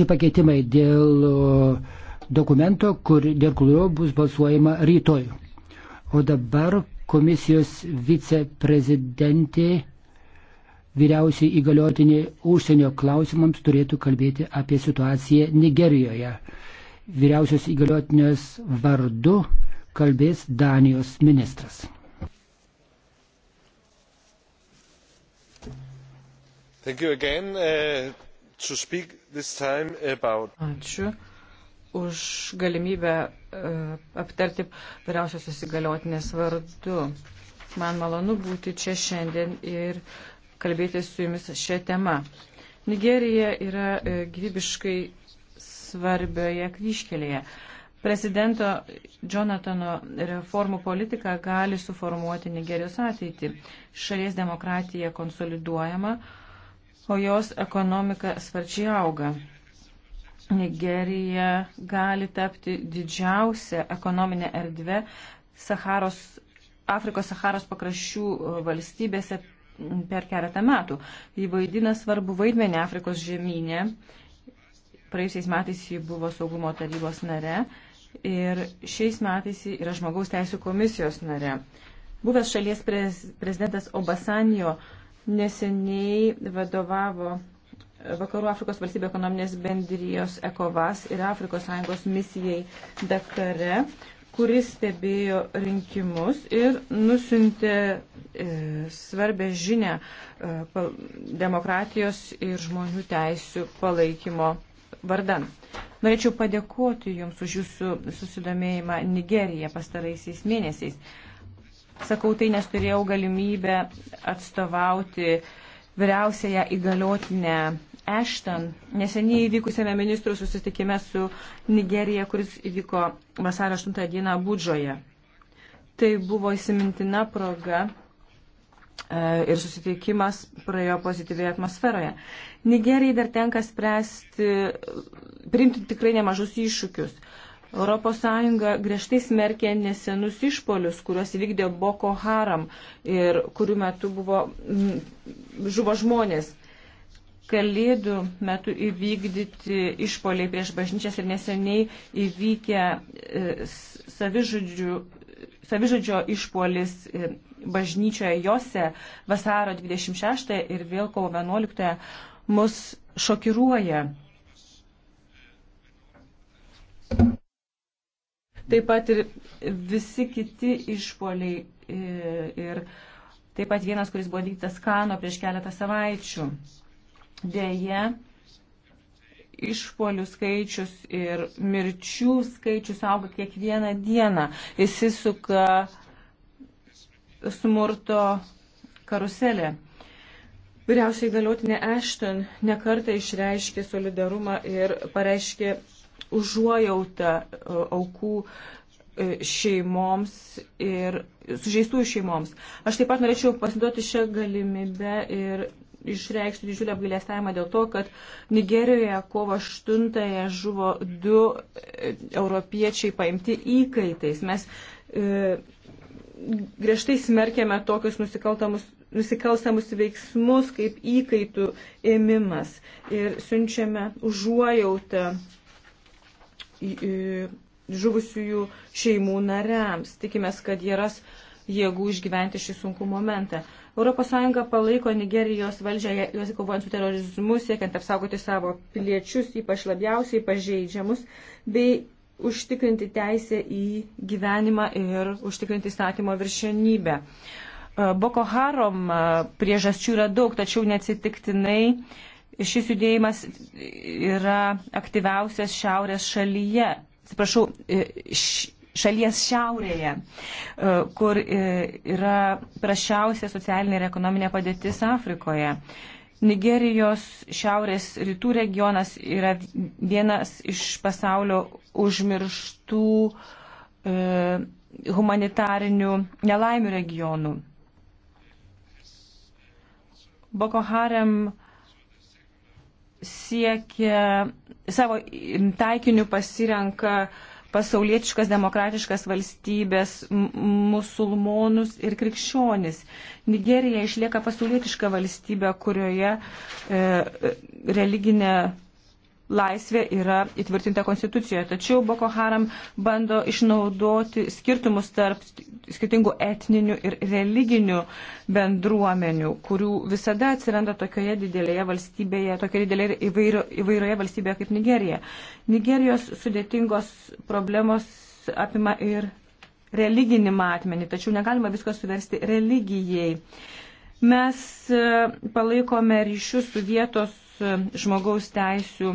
Šie pakeitimai dėl uh, dokumento, kur, dėl kurio bus balsuojama rytoj. O dabar komisijos viceprezidentė vyriausiai įgaliotinė užsienio klausimams turėtų kalbėti apie situaciją Nigerijoje. Vyriausios įgaliotinės vardu kalbės Danijos ministras. Thank you again. Uh... About... Ačiū už galimybę uh, aptarti vyriausios įsigaliotinės vardu. Man malonu būti čia šiandien ir kalbėti su jumis šią temą. Nigerija yra uh, gyvybiškai svarbioje kryškelėje. Prezidento Jonatano reformų politika gali suformuoti Nigerijos ateitį. Šalies demokratija konsoliduojama. Uh, o jos ekonomika sparčiai auga. Nigerija gali tapti didžiausia ekonominė erdvė Saharos, Afrikos Saharos pakraščių e, valstybėse per keletą metų. Ji vaidina svarbu vaidmenį Afrikos žemynė. Praėjusiais metais ji buvo saugumo tarybos nare ir šiais metais ji yra žmogaus teisų komisijos nare. Buvęs šalies prez, prezidentas Obasanjo uh, neseniai vadovavo Vakarų Afrikos valstybių ekonominės bendrijos ECOVAS ir Afrikos Sąjungos misijai Dakare, kuris stebėjo rinkimus ir nusintė e, svarbę žinę e, pa, demokratijos ir žmonių teisų palaikymo vardan. Norėčiau padėkoti Jums už Jūsų susidomėjimą Nigerija pastaraisiais mėnesiais. Sakau tai, nes turėjau galimybę atstovauti vyriausiąją įgaliotinę Ashton neseniai įvykusiame ministrų susitikime su Nigerija, kuris įvyko vasario 8 dieną Budžoje. Tai buvo įsimintina proga e, ir susitikimas praėjo pozityviai atmosferoje. Nigerijai dar tenka spręsti, priimti tikrai nemažus iššūkius. ES griežtai smerkė nesenus išpolius, kuriuos vykdė Boko Haram ir kurių metu buvo, m, mm, žuvo žmonės. Kalėdų metu įvykdyti išpoliai prieš bažnyčias ir neseniai įvykę e, savižudžių, savižudžio išpolis e, bažnyčioje Jose vasaro 26 ir vėl kovo 11 mus šokiruoja. Taip pat ir visi kiti išpoliai e, ir taip pat vienas, kuris buvo vykdytas Kano prieš keletą savaičių. Deja, išpolių skaičius ir mirčių skaičius auga kiekvieną dieną. Įsisuka smurto karuselė. Vyriausiai galiotinė Ashton nekartą išreiškė solidarumą ir pareiškė užuojautą e, aukų e, šeimoms ir sužeistųjų šeimoms. Aš taip pat norėčiau pasiduoti šią galimybę ir išreikšti didžiulį apgailestavimą dėl to, kad Nigerijoje kovo 8-ąją žuvo du e, europiečiai paimti įkaitais. Mes e, griežtai smerkėme tokius nusikaltamus nusikalstamus veiksmus kaip įkaitų ėmimas ir siunčiame užuojautą žuvusiųjų šeimų nariams. Tikimės, kad jie ras jėgų išgyventi šį sunkų momentą. ES palaiko Nigerijos valdžią, juos kovojant su terorizmu, siekiant apsaugoti savo piliečius, ypač labiausiai pažeidžiamus, bei užtikrinti teisę į gyvenimą ir užtikrinti statymo viršenybę. E, Boko Harom e, priežasčių yra daug, tačiau neatsitiktinai Šis judėjimas yra aktyviausias šiaurės šalyje, atsiprašau, e, šalies šiaurėje, e, kur e, yra prašiausia socialinė ir ekonominė padėtis Afrikoje. Nigerijos šiaurės rytų regionas yra vienas iš pasaulio užmirštų e, humanitarinių nelaimių regionų. Boko Harem siekia, savo taikiniu pasirenka pasaulietiškas demokratiškas valstybės, musulmonus ir krikščionis. Nigerija išlieka pasaulietiška valstybė, kurioje e, e religinė laisvė yra įtvirtinta konstitucijoje. Tačiau Boko Haram bando išnaudoti skirtumus tarp skirtingų etninių ir religinių bendruomenių, kurių visada atsiranda tokioje didelėje valstybėje, tokioje didelėje įvairio, įvairioje valstybėje kaip Nigerija. Nigerijos sudėtingos problemos apima ir religinį matmenį, tačiau negalima visko suversti religijai. Mes e, palaikome ryšius su vietos e, žmogaus teisų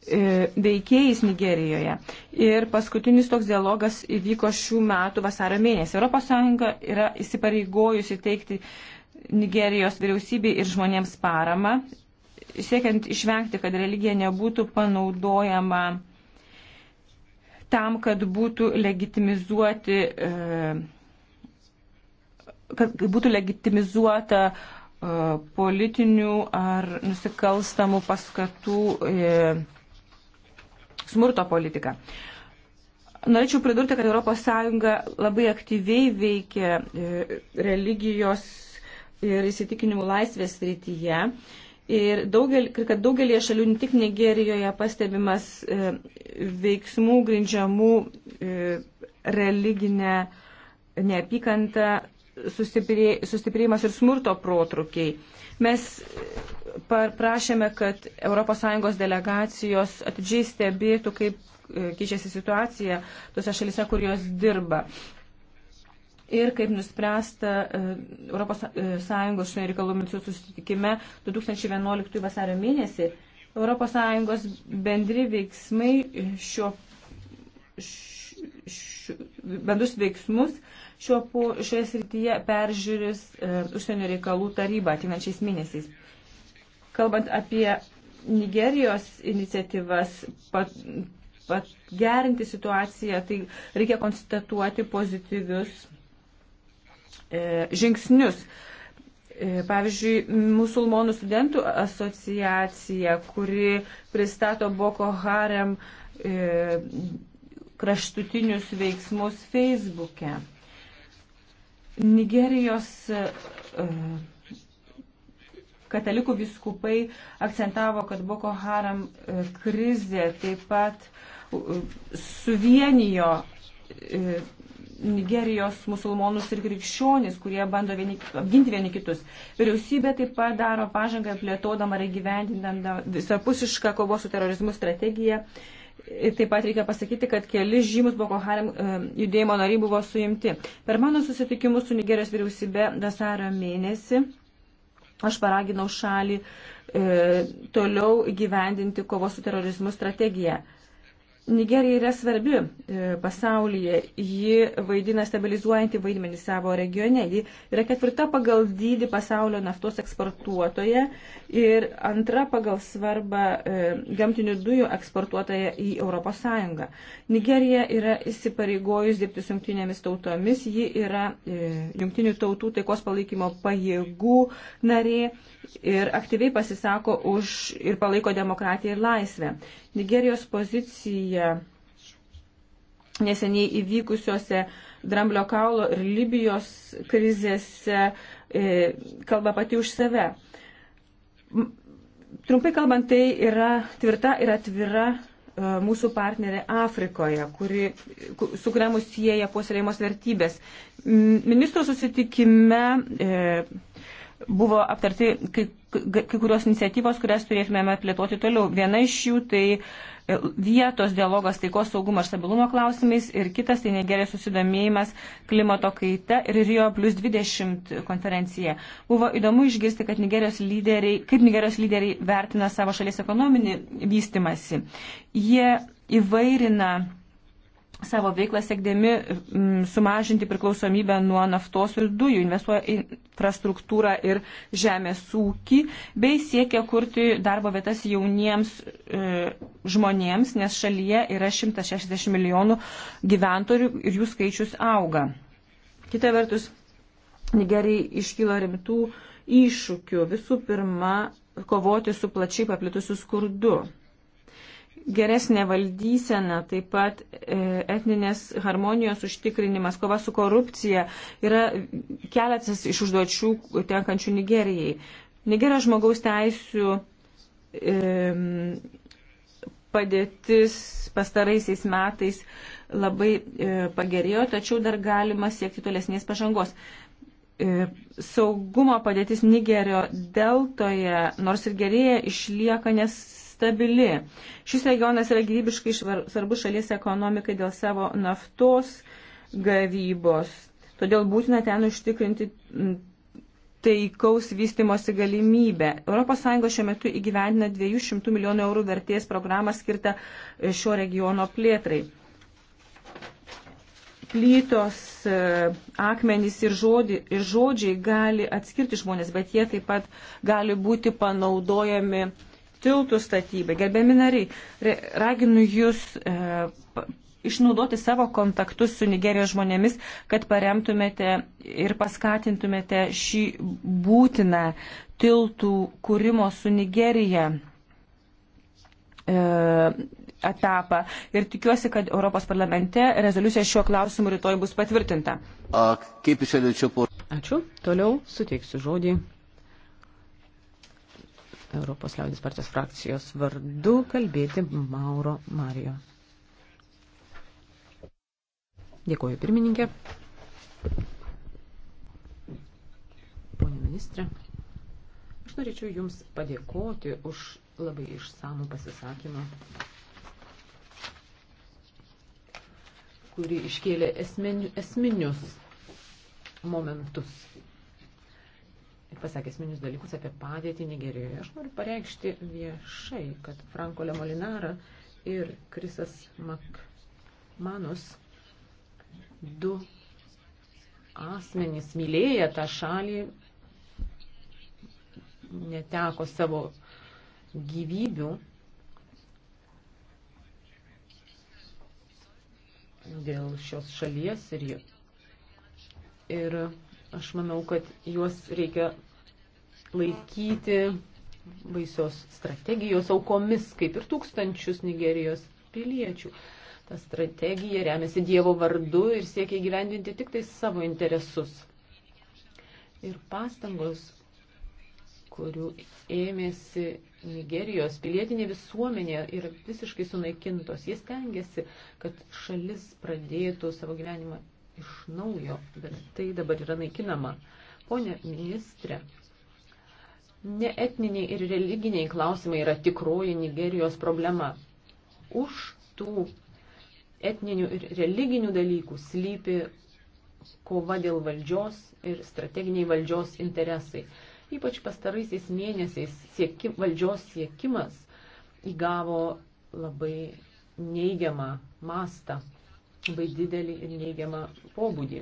E, veikėjais Nigerijoje. Ir paskutinis toks dialogas įvyko šių metų vasario mėnesį. ES yra įsipareigojusi teikti Nigerijos vyriausybei ir žmonėms paramą, siekiant išvengti, kad religija nebūtų panaudojama tam, kad būtų legitimizuoti, e, kad būtų legitimizuota e, politinių ar nusikalstamų paskatų smurto politiką. Norėčiau pridurti, kad ES labai aktyviai veikia e, religijos ir įsitikinimų laisvės rytyje. Ir daugel, kad daugelie šalių, ne tik Nigerijoje, pastebimas e, veiksmų grindžiamų e, religinę neapykantą, sustiprėjimas ir smurto protrukiai. Mes prašėme, kad ES delegacijos atidžiai stebėtų, kaip e, keičiasi situacija tose šalise, kur jos dirba. Ir kaip nuspręsta ES šiandien e, reikalų ministrų susitikime 2011 vasario mėnesį, ES bendri veiksmai šio, šio, bendrus veiksmus šio, šioje srityje peržiūris e, užsienio reikalų taryba atinančiais mėnesiais. Kalbant apie Nigerijos iniciatyvas pat, pat gerinti situaciją, tai reikia konstatuoti pozityvius e, žingsnius. E, pavyzdžiui, musulmonų studentų asociacija, kuri pristato Boko Harem e, kraštutinius veiksmus Facebook'e. Nigerijos e, Katalikų viskupai akcentavo, kad Boko Haram e, krizė taip pat suvienijo e, Nigerijos musulmonus ir krikščionis, kurie bando vieni, apginti vieni kitus. Vyriausybė taip pat daro pažangą plėtodama ir gyvendindama visapusišką kovos su terorizmu strategiją. Taip pat reikia pasakyti, kad keli žymus Boko Haram e, judėjimo nariai buvo suimti. Per mano susitikimus su Nigerijos vyriausybė vasario mėnesį Aš paraginau šalį e, toliau gyvendinti kovos su terorizmu strategiją. Nigerija yra svarbi e, pasaulyje, ji vaidina stabilizuojantį vaidmenį savo regione, ji yra ketvirta pagal dydį pasaulio naftos eksportuotoje ir antra pagal svarbą e, gamtinių dujų eksportuotoje į ES. Nigerija yra įsipareigojus dirbti su jungtinėmis tautomis, ji yra e, jungtinių tautų taikos palaikymo pajėgų narė ir aktyviai pasisako už ir palaiko demokratiją ir laisvę. Nigerijos pozicija neseniai įvykusiuose Dramblio kaulo ir Libijos krizėse e, kalba pati už save. Trumpai kalbant, tai yra tvirta ir atvira e, mūsų partnerė Afrikoje, kuri, su kuria mus sieja puoselėjimos vertybės. Ministro susitikime e, buvo aptarti kai, kai kurios iniciatyvos, kurias turėtumėme plėtoti toliau. Viena iš jų tai e, vietos dialogas taikos saugumo ir stabilumo klausimais ir kitas tai negeria susidomėjimas klimato kaita ir Rio plus 20 konferencija. Buvo įdomu išgirsti, kad Nigerijos lyderiai, kaip Nigerijos lyderiai vertina savo šalies ekonominį vystimasi. Jie įvairina savo veiklą siekdami mm, sumažinti priklausomybę nuo naftos ir dujų, investuoja į infrastruktūrą ir žemės ūkį, bei siekia kurti darbo vietas jauniems e, žmonėms, nes šalyje yra 160 milijonų gyventojų ir jų skaičius auga. Kita vertus, Nigerijai iškyla rimtų iššūkių. Visų pirma, kovoti su plačiai paplitusiu skurdu geresnė valdysena, taip pat e, etninės harmonijos užtikrinimas, kova su korupcija yra keletas iš užduočių tenkančių Nigerijai. Nigerijos žmogaus teisų e, padėtis pastaraisiais metais labai e, pagerėjo, tačiau dar galima siekti tolesnės pažangos saugumo padėtis Nigerio deltoje, nors ir gerėja, išlieka nes, stabili. Šis regionas yra gyvybiškai svarbus šalies ekonomikai dėl savo naftos gavybos. Todėl būtina ten užtikrinti taikaus vystimosi galimybę. ES šiuo metu įgyvendina 200 milijonų eurų vertės programą skirtą šio regiono plėtrai. Plytos, e, akmenys ir, žodį, ir žodžiai gali atskirti žmonės, bet jie taip pat gali būti panaudojami uh, tiltų statybai. Gerbiami nariai, raginu jūs e, išnaudoti savo kontaktus su Nigerijos žmonėmis, kad paremtumėte ir paskatintumėte šį būtiną tiltų kūrimo su Nigerija e, etapą ir tikiuosi, kad Europos parlamente rezoliucija šiuo klausimu rytoj bus patvirtinta. Ačiū. Toliau suteiksiu žodį Europos liaudės partijos frakcijos vardu kalbėti Mauro Marijo. Dėkuoju pirmininkė. Pone ministrė, aš norėčiau Jums padėkoti už labai išsamų pasisakymą, kuri iškėlė esminius momentus pasakė esminius dalykus apie padėtį Nigerijoje. Aš noriu pareikšti viešai, kad Franko Lemolinara ir Krisas Makmanus du asmenys mylėję tą šalį neteko savo gyvybių dėl šios šalies ir jie. Ir Aš manau, kad juos reikia laikyti baisios strategijos aukomis, kaip ir tūkstančius Nigerijos piliečių. Ta strategija remiasi Dievo vardu ir siekia įgyvendinti tik tai savo interesus. Ir pastangos, kurių ėmėsi Nigerijos pilietinė visuomenė, yra visiškai sunaikintos. Jis tengiasi, kad šalis pradėtų savo gyvenimą iš naujo, bet tai dabar yra naikinama. Pone ministrė, neetniniai ir religiniai klausimai yra tikroji Nigerijos problema. Už tų etninių ir religinių dalykų slypi kova dėl valdžios ir strateginiai valdžios interesai. Ypač pastaraisiais mėnesiais sieki, valdžios siekimas įgavo labai neigiamą mastą labai didelį ir neigiamą pobūdį.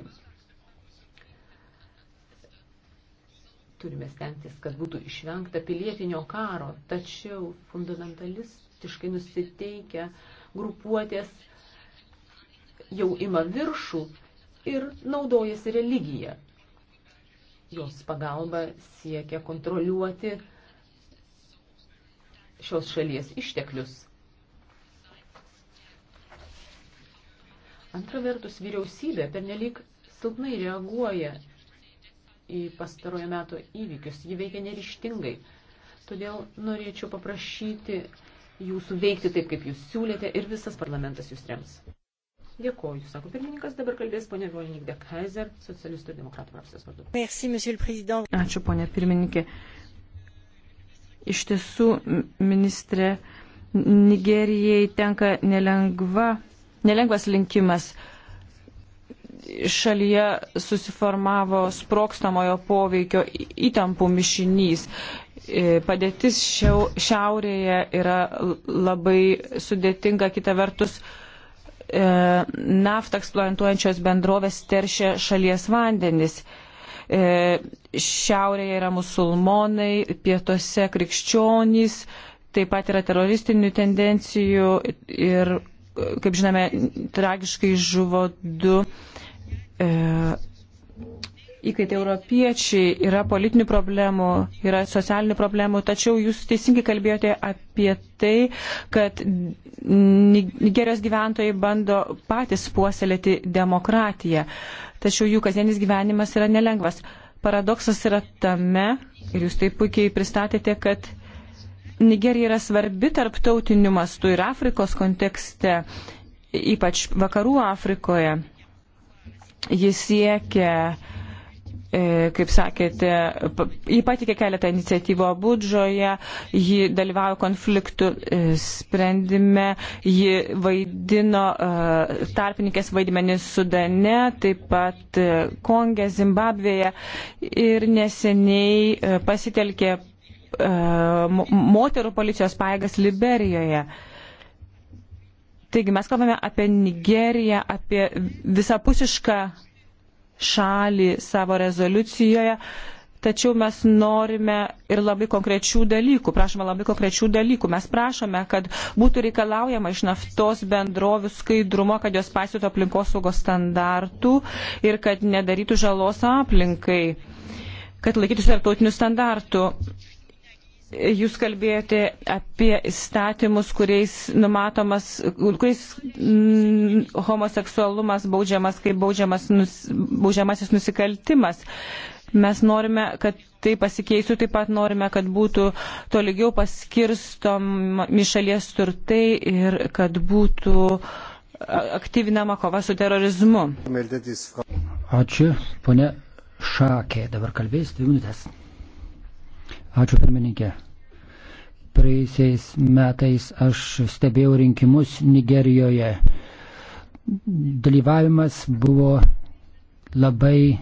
Turime stengtis, kad būtų išvengta pilietinio karo, tačiau fundamentalistiškai nusiteikę grupuotės jau ima viršų ir naudojasi religiją. Jos pagalba siekia kontroliuoti šios šalies išteklius Antra vertus, vyriausybė pernelyg silpnai reaguoja į pastarojo meto įvykius, ji veikia nerištingai. Todėl norėčiau paprašyti jūsų veikti taip, kaip jūs siūlėte ir visas parlamentas jūs rems. Dėkoju, sako pirmininkas, dabar kalbės ponė Volinik de Kaiser, socialistų ir demokratų frakcijos vardu. Merci, Ačiū, ponė pirmininkė. Iš tiesų, ministrė, Nigerijai tenka nelengva nelengvas linkimas. Šalyje susiformavo sprokstamojo poveikio įtampų mišinys. E, padėtis šiau, šiaurėje yra labai sudėtinga, kita vertus e, naftą eksploatuojančios bendrovės teršia šalies vandenis. E, šiaurėje yra musulmonai, pietuose krikščionys, taip pat yra teroristinių tendencijų ir kaip žinome, tragiškai žuvo du e, įkaitai europiečiai, yra politinių problemų, yra socialinių problemų, tačiau jūs teisingai kalbėjote apie tai, kad Nigerijos gyventojai bando patys puoselėti demokratiją, tačiau jų kasdienis gyvenimas yra nelengvas. Paradoksas yra tame, ir jūs tai puikiai pristatėte, kad Nigerija yra svarbi tarptautiniu mastu ir Afrikos kontekste, ypač vakarų Afrikoje. Jis siekia e, kaip sakėte, jį patikė keletą iniciatyvų Abudžoje, jį dalyvavo konfliktų e, sprendime, jį vaidino e, tarpininkės vaidmenį Sudane, taip pat Konge, Zimbabvėje ir neseniai pasitelkė E, moterų policijos paėgas Liberijoje. Taigi mes kalbame apie Nigeriją, apie visapusišką šalį savo rezoliucijoje, tačiau mes norime ir labai konkrečių dalykų, prašome labai konkrečių dalykų. Mes prašome, kad būtų reikalaujama iš naftos bendrovių skaidrumo, kad jos pasiūtų aplinkosaugos standartų ir kad nedarytų žalos aplinkai kad laikytųsi tarptautinių standartų jūs kalbėjote apie įstatymus, kuriais numatomas, kuriais mm, homoseksualumas baudžiamas kaip baudžiamas, nus, baudžiamasis nusikaltimas. Mes norime, kad tai pasikeisų, taip pat norime, kad būtų tolygiau paskirstomi šalies turtai ir kad būtų aktyvinama kova su terorizmu. Ačiū, ponė Šakė, dabar kalbės dvi minutės. Ačiū pirmininkė. Praeisiais metais aš stebėjau rinkimus Nigerijoje. Dalyvavimas buvo labai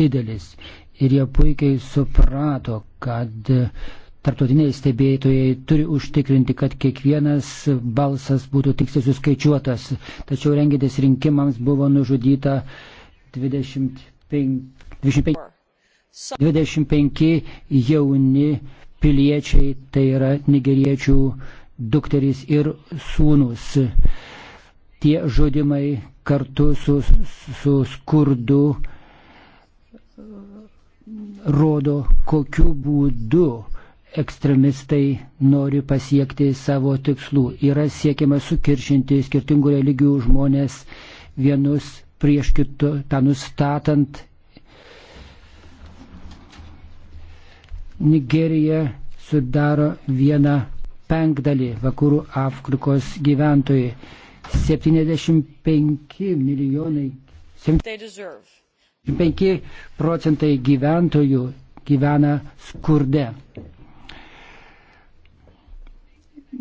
didelis ir jie puikiai suprato, kad tarptautiniai stebėtojai turi užtikrinti, kad kiekvienas balsas būtų tiksliai suskaičiuotas. Tačiau rengintis rinkimams buvo nužudyta 25. 25 25 jauni piliečiai, tai yra nigeriečių dukterys ir sūnus. Tie žudimai kartu su, su skurdu e, rodo, kokiu būdu ekstremistai nori pasiekti savo tikslų. Yra siekiama sukiršinti skirtingų religijų žmonės vienus prieš kitus, tą nustatant Nigerija sudaro vieną penktdalį vakarų Afrikos gyventojų. 75 milijonai. 75 procentai gyventojų gyvena skurde.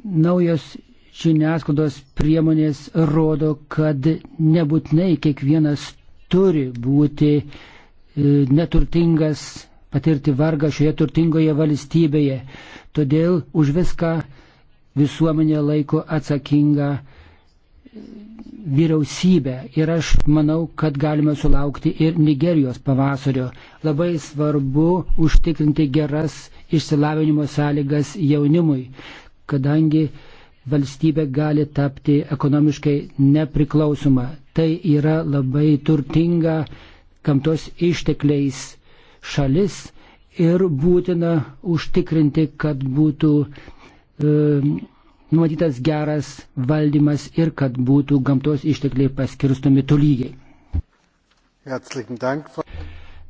Naujos žiniasklaidos priemonės rodo, kad nebūtinai kiekvienas turi būti e, neturtingas patirti vargą šioje turtingoje valstybėje. Todėl už viską visuomenė laiko atsakingą vyriausybę. Ir aš manau, kad galime sulaukti ir Nigerijos pavasario. Labai svarbu užtikrinti geras išsilavinimo sąlygas jaunimui, kadangi valstybė gali tapti ekonomiškai nepriklausoma. Tai yra labai turtinga gamtos ištekliais šalis ir būtina užtikrinti, kad būtų e, numatytas geras valdymas ir kad būtų gamtos ištekliai paskirstomi tolygiai.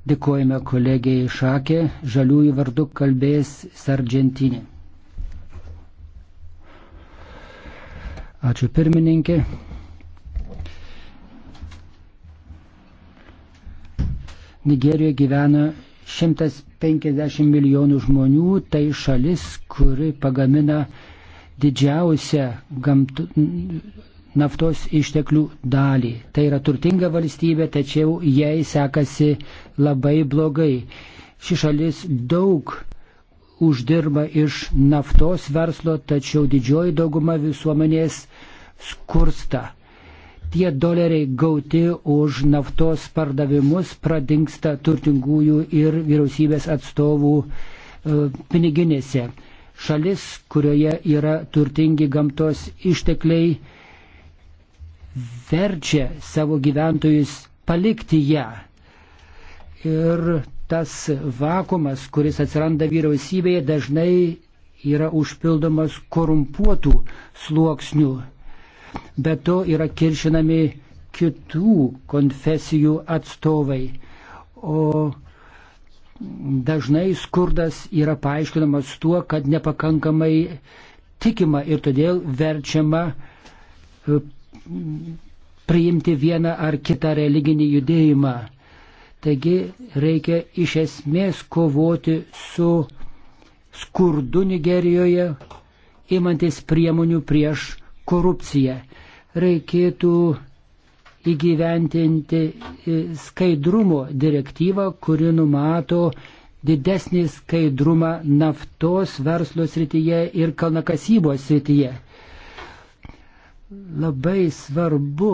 Dėkojame kolegijai Šakė, žaliųjų vardu kalbės Sargentinė. Ačiū pirmininkė. Nigerijoje gyvena 150 milijonų žmonių, tai šalis, kuri pagamina didžiausią gamtų, naftos išteklių dalį. Tai yra turtinga valstybė, tačiau jai sekasi labai blogai. Ši šalis daug uždirba iš naftos verslo, tačiau didžioji dauguma visuomenės skursta tie doleriai gauti už naftos pardavimus pradingsta turtingųjų ir vyriausybės atstovų e, piniginėse. Šalis, kurioje yra turtingi gamtos ištekliai, verčia savo gyventojus palikti ją. Ir tas vakumas, kuris atsiranda vyriausybėje, dažnai yra užpildomas korumpuotų sluoksnių bet to yra kiršinami kitų konfesijų atstovai. O dažnai skurdas yra paaiškinamas tuo, kad nepakankamai tikima ir todėl verčiama e, priimti vieną ar kitą religinį judėjimą. Taigi reikia iš esmės kovoti su skurdu Nigerijoje, imantis priemonių prieš korupciją. Reikėtų įgyventinti e, skaidrumo direktyvą, kuri numato didesnį skaidrumą naftos verslo srityje ir kalnakasybos srityje. Labai svarbu,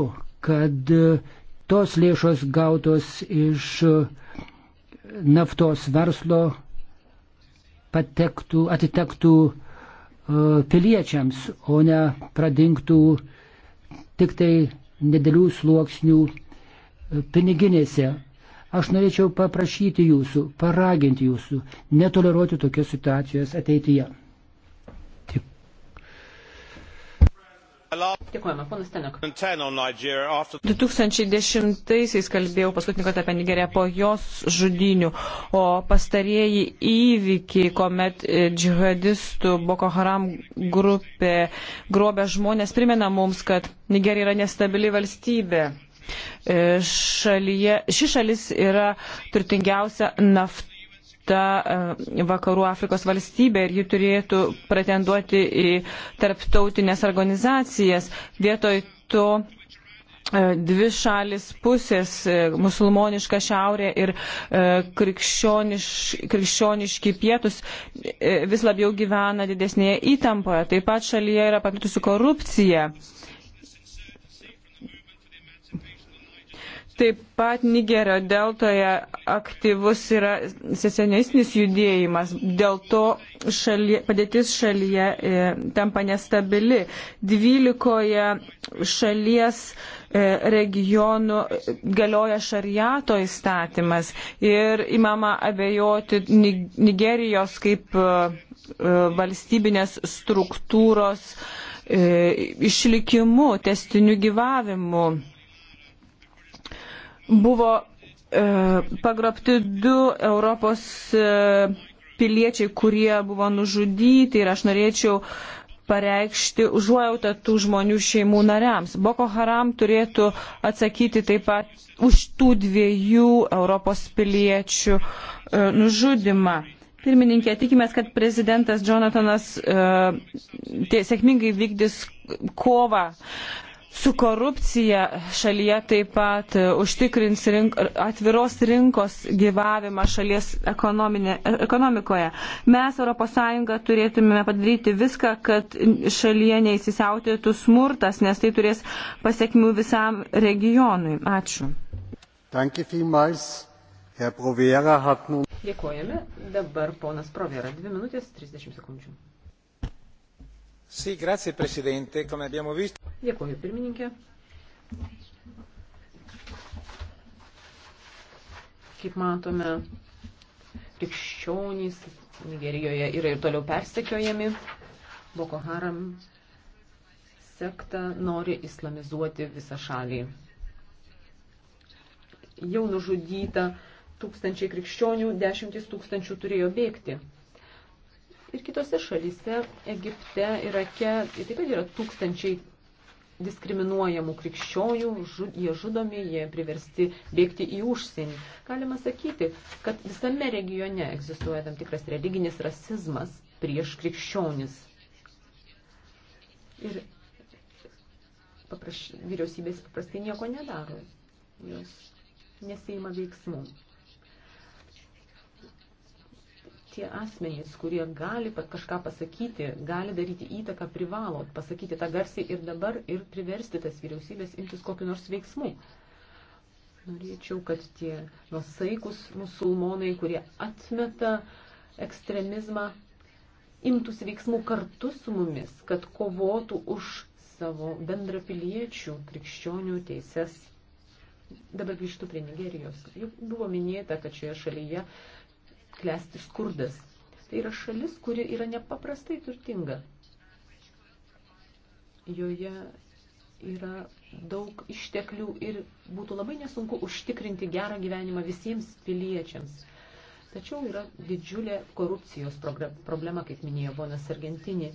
kad e, tos lėšos gautos iš e, naftos verslo patektų, atitektų E, piliečiams, o ne pradingtų tik tai nedėlių sluoksnių e, piniginėse. Aš norėčiau paprašyti jūsų, paraginti jūsų, netoleruoti tokios situacijos ateityje. Dėkojame, ponas Tenok. 2010-aisiais kalbėjau paskutinį kartą apie Nigeriją po jos žudinių, o pastarieji įvykiai, kuomet e, džihadistų Boko Haram grupė grobė žmonės, primena mums, kad Nigerija yra nestabili valstybė. E, šalyje, ši šalis yra turtingiausia nafta kita e, vakarų Afrikos valstybė ir ji turėtų pretenduoti į tarptautinės organizacijas. Vietoj to e, dvi šalis pusės e, - musulmoniška šiaurė ir krikščioniš, krikščioniški pietus - vis labiau gyvena didesnėje įtampoje. Taip pat šalyje yra paplitusi korupcija. Taip pat Nigerio deltoje aktyvus yra sesionistinis judėjimas, dėl to šalie, padėtis šalyje e, tampa nestabili. Dvylikoje šalies e, regionų galioja šariato įstatymas ir imama abejoti Nigerijos kaip e, e, valstybinės struktūros e, išlikimu, testiniu gyvavimu buvo e, pagrobti du Europos e, piliečiai, kurie buvo nužudyti ir aš norėčiau pareikšti užuojautą tų žmonių šeimų nariams. Boko Haram turėtų atsakyti taip pat už tų dviejų Europos piliečių e, nužudimą. Pirmininkė, tikimės, kad prezidentas Jonathanas e, sėkmingai vykdys kovą e, su korupcija šalyje taip pat e, užtikrins rink, atviros rinkos gyvavimą šalies e, ekonomikoje. Mes, ES, turėtume padaryti viską, kad šalyje neįsisiautėtų smurtas, nes tai turės pasiekmių visam regionui. Ačiū. Dėkojame. Dabar ponas Provera. 2 minutės 30 sekundžių. Sí, grazie, Presidente. Come abbiamo visto. Dėkuoju, pirmininkė. Kaip matome, krikščionys Nigerijoje yra ir toliau persekiojami. Boko Haram sekta nori islamizuoti visą šalį. Jau nužudyta tūkstančiai krikščionių, dešimtis tūkstančių turėjo bėgti. Ir kitose šalise, Egipte, Irake, taip pat yra tūkstančiai diskriminuojamų krikščionių, žud, jie žudomi, jie priversti bėgti į užsienį. Galima sakyti, kad visame regione egzistuoja tam tikras religinis rasizmas prieš krikščionis. Ir papraš, vyriausybės paprastai nieko nedaro. Jos nesėima veiksmų. tie asmenys, kurie gali kažką pasakyti, gali daryti įtaką, privalo pasakyti tą garsiai ir dabar ir priversti tas vyriausybės imtis kokiu nors veiksmu. Norėčiau, kad tie nusaikus musulmonai, kurie atmeta ekstremizmą, imtųsi veiksmų kartu su mumis, kad kovotų už savo bendrapiliečių krikščionių teises. Dabar grįžtu prie Nigerijos. Jau buvo minėta, kad šioje šalyje uh, klesti skurdas. Tai yra šalis, kuri yra nepaprastai turtinga. Joje yra daug išteklių ir būtų labai nesunku užtikrinti gerą gyvenimą visiems piliečiams. Tačiau yra didžiulė korupcijos problema, kaip minėjo Bonas Argentini.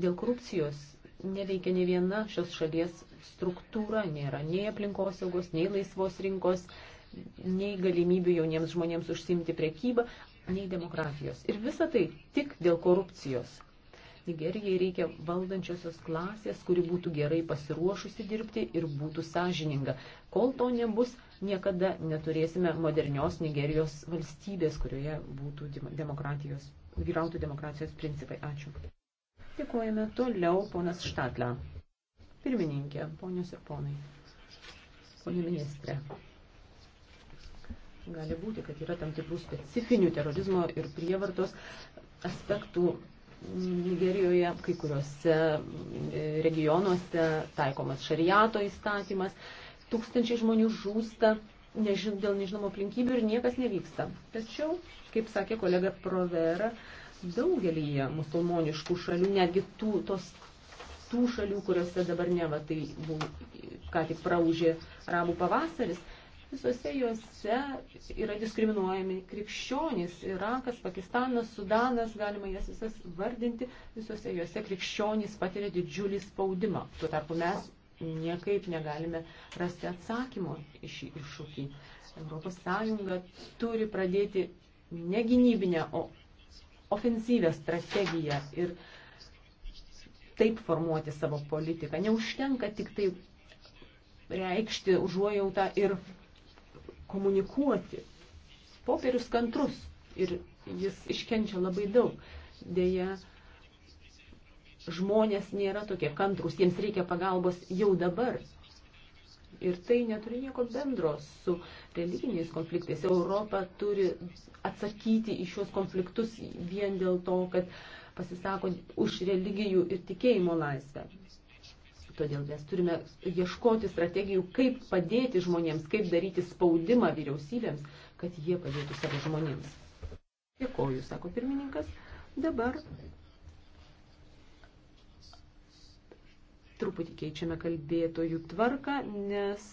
Dėl korupcijos neveikia ne viena šios šalies struktūra, nėra nei aplinkosaugos, nei laisvos rinkos, nei galimybių jauniems žmonėms užsimti prekybą, nei demografijos. Ir visa tai tik dėl korupcijos. Nigerijai reikia valdančiosios klasės, kuri būtų gerai pasiruošusi dirbti ir būtų sąžininga. Kol to nebus, niekada neturėsime modernios Nigerijos valstybės, kurioje būtų demokratijos, vyrautų demokratijos principai. Ačiū. Dėkojame toliau, ponas Štatla. Pirmininkė, ponios ir ponai. Pone ministrė. Gali būti, kad yra tam tikrų specifinių terorizmo ir prievartos aspektų Nigerijoje, kai kuriuose e, regionuose taikomas šariato įstatymas. Tūkstančiai žmonių žūsta nežin, dėl nežinomų aplinkybių ir niekas nevyksta. Tačiau, kaip sakė kolega Provera, daugelį musulmoniškų šalių, netgi tų, tos, tų šalių, kuriuose dabar neva tai buvo, ką tik praužė ramų pavasaris, visose juose yra diskriminuojami krikščionys. Irakas, Pakistanas, Sudanas, galima jas visas vardinti, visose juose krikščionys patiria didžiulį spaudimą. Tuo tarpu mes niekaip negalime rasti atsakymo į šį iššūkį. Europos Sąjunga turi pradėti ne gynybinę, o ofensyvę strategiją ir taip formuoti savo politiką. Neužtenka tik taip reikšti užuojautą ir komunikuoti. Popierius kantrus ir jis iškenčia labai daug. Deja, žmonės nėra tokie kantrus, jiems reikia pagalbos jau dabar. Ir tai neturi nieko bendro su religiniais konfliktais. Europa turi atsakyti į šios konfliktus vien dėl to, kad pasisako už religijų ir tikėjimo laisvę. Todėl mes turime ieškoti strategijų, kaip padėti žmonėms, kaip daryti spaudimą vyriausybėms, kad jie padėtų savo žmonėms. Dėkoju, sako pirmininkas. Dabar truputį keičiame kalbėtojų tvarką, nes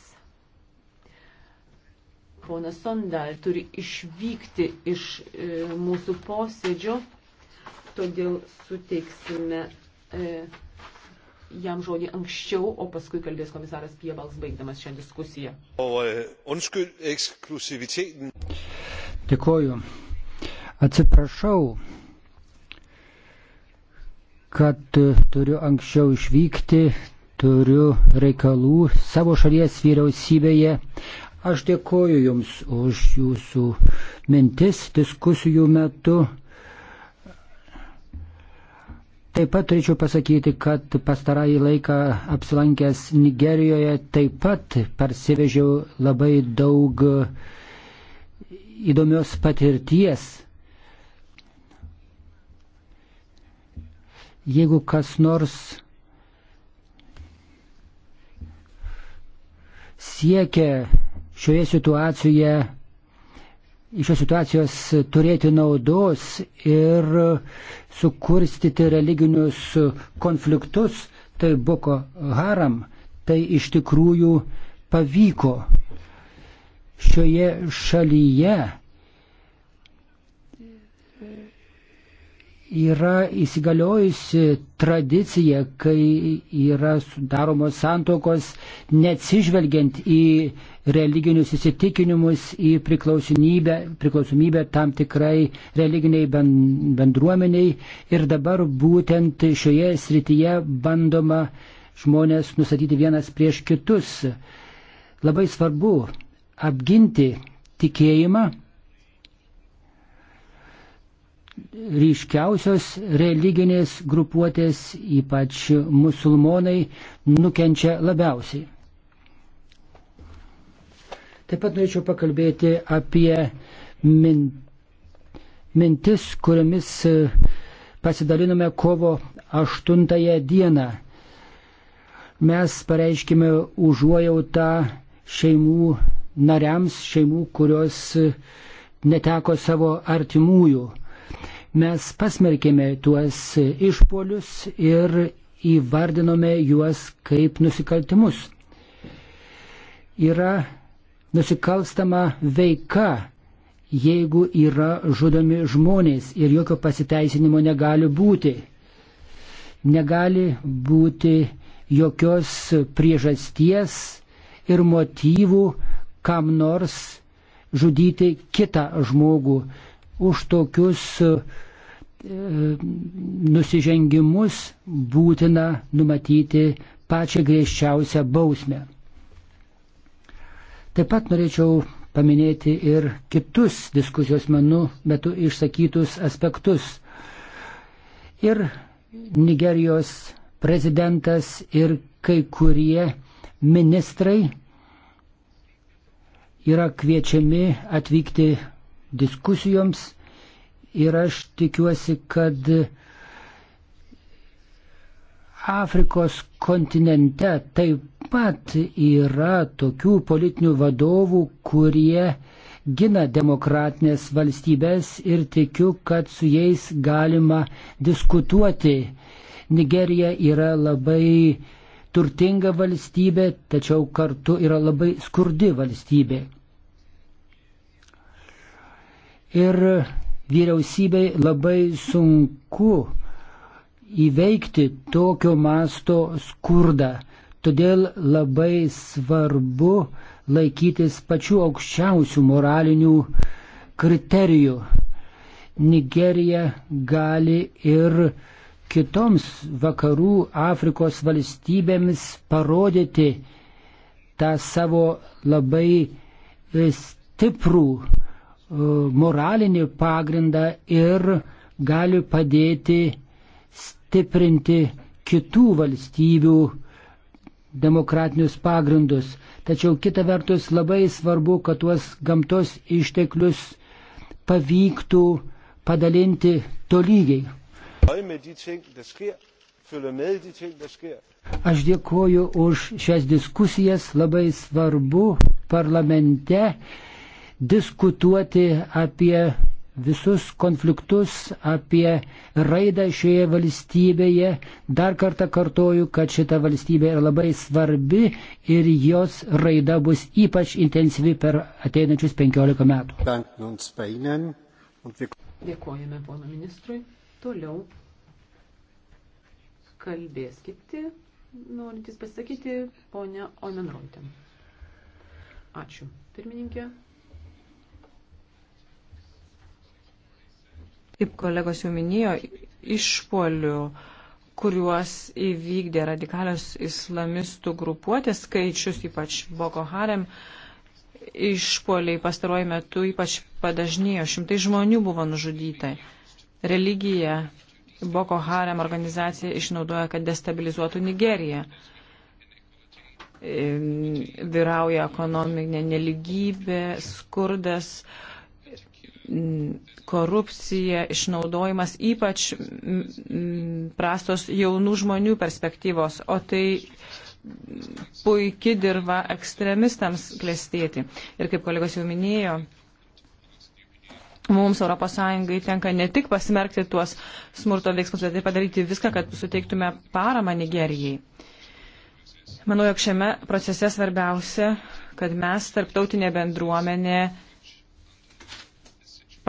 ponas Sondal turi išvykti iš e, mūsų posėdžio, todėl suteiksime e, jam žodį anksčiau, o paskui kalbės komisaras Piebals, baigdamas šią diskusiją. Øh, dėkoju. Atsiprašau, kad e, turiu anksčiau išvykti, turiu reikalų savo šalies vyriausybėje. Aš dėkoju Jums už Jūsų mintis diskusijų metu. Taip pat turėčiau pasakyti, kad pastarąjį laiką apsilankęs Nigerijoje taip pat persivežiau labai daug įdomios patirties. Jeigu kas nors siekia šioje situacijoje, iš šios situacijos turėti naudos ir sukurstyti religinius konfliktus, tai Boko Haram, tai iš tikrųjų pavyko. Šioje šalyje yra įsigaliojusi tradicija, kai yra sudaromos santokos neatsižvelgiant į religinius įsitikinimus, į priklausomybę tam tikrai religiniai bendruomeniai. Ir dabar būtent šioje srityje bandoma žmonės nustatyti vienas prieš kitus. Labai svarbu apginti tikėjimą ryškiausios religinės grupuotės, ypač musulmonai, nukenčia labiausiai. Taip pat norėčiau pakalbėti apie min, mintis, kuriomis e, pasidalinome kovo 8 dieną. Mes pareiškime užuojautą šeimų nariams, šeimų, kurios e, neteko savo artimųjų. Mes pasmerkėme tuos išpolius ir įvardinome juos kaip nusikaltimus. Yra nusikalstama veika, jeigu yra žudomi žmonės ir jokio pasiteisinimo negali būti. Negali būti jokios priežasties ir motyvų kam nors žudyti kitą žmogų už tokius e, nusižengimus būtina numatyti pačią griežčiausią bausmę. Taip pat norėčiau paminėti ir kitus diskusijos menu metu išsakytus aspektus. Ir Nigerijos prezidentas ir kai kurie ministrai yra kviečiami atvykti diskusijoms ir aš tikiuosi, kad Afrikos kontinente taip pat yra tokių politinių vadovų, kurie gina demokratinės valstybės ir tikiu, kad su jais galima diskutuoti. Nigerija yra labai turtinga valstybė, tačiau kartu yra labai skurdi valstybė ir vyriausybei labai sunku įveikti tokio masto skurdą. Todėl labai svarbu laikytis pačių aukščiausių moralinių kriterijų. Nigerija gali ir kitoms vakarų Afrikos valstybėms parodyti tą savo labai stiprų moralinį pagrindą ir gali padėti stiprinti kitų valstybių demokratinius pagrindus. Tačiau kita vertus labai svarbu, kad tuos gamtos išteklius pavyktų padalinti tolygiai. Aš dėkoju už šias diskusijas, labai svarbu parlamente diskutuoti apie visus konfliktus, apie raidą šioje valstybėje. Dar kartą kartoju, kad šita valstybė yra labai svarbi ir jos raida bus ypač intensyvi per ateinančius 15 metų. Dėkojame pono ministrui. Toliau kalbės kiti, norintys pasakyti, ponia Omenroitė. Ačiū, pirmininkė. kaip kolegos jau minėjo, išpolių, kuriuos įvykdė radikalios islamistų grupuotės skaičius, ypač Boko Harem, išpoliai pastaruoju metu ypač padažnėjo, šimtai žmonių buvo nužudyta. Religija Boko Harem organizacija išnaudoja, kad destabilizuotų Nigeriją. Vyrauja ekonominė neligybė, skurdas, korupcija, išnaudojimas, ypač prastos jaunų žmonių perspektyvos, o tai puikiai dirba ekstremistams klestėti. Ir kaip kolegos jau minėjo, mums ES tenka ne tik pasmerkti tuos smurto veiksmus, bet ir padaryti viską, kad suteiktume paramą Nigerijai. Manau, jog šiame procese svarbiausia, kad mes, tarptautinė bendruomenė,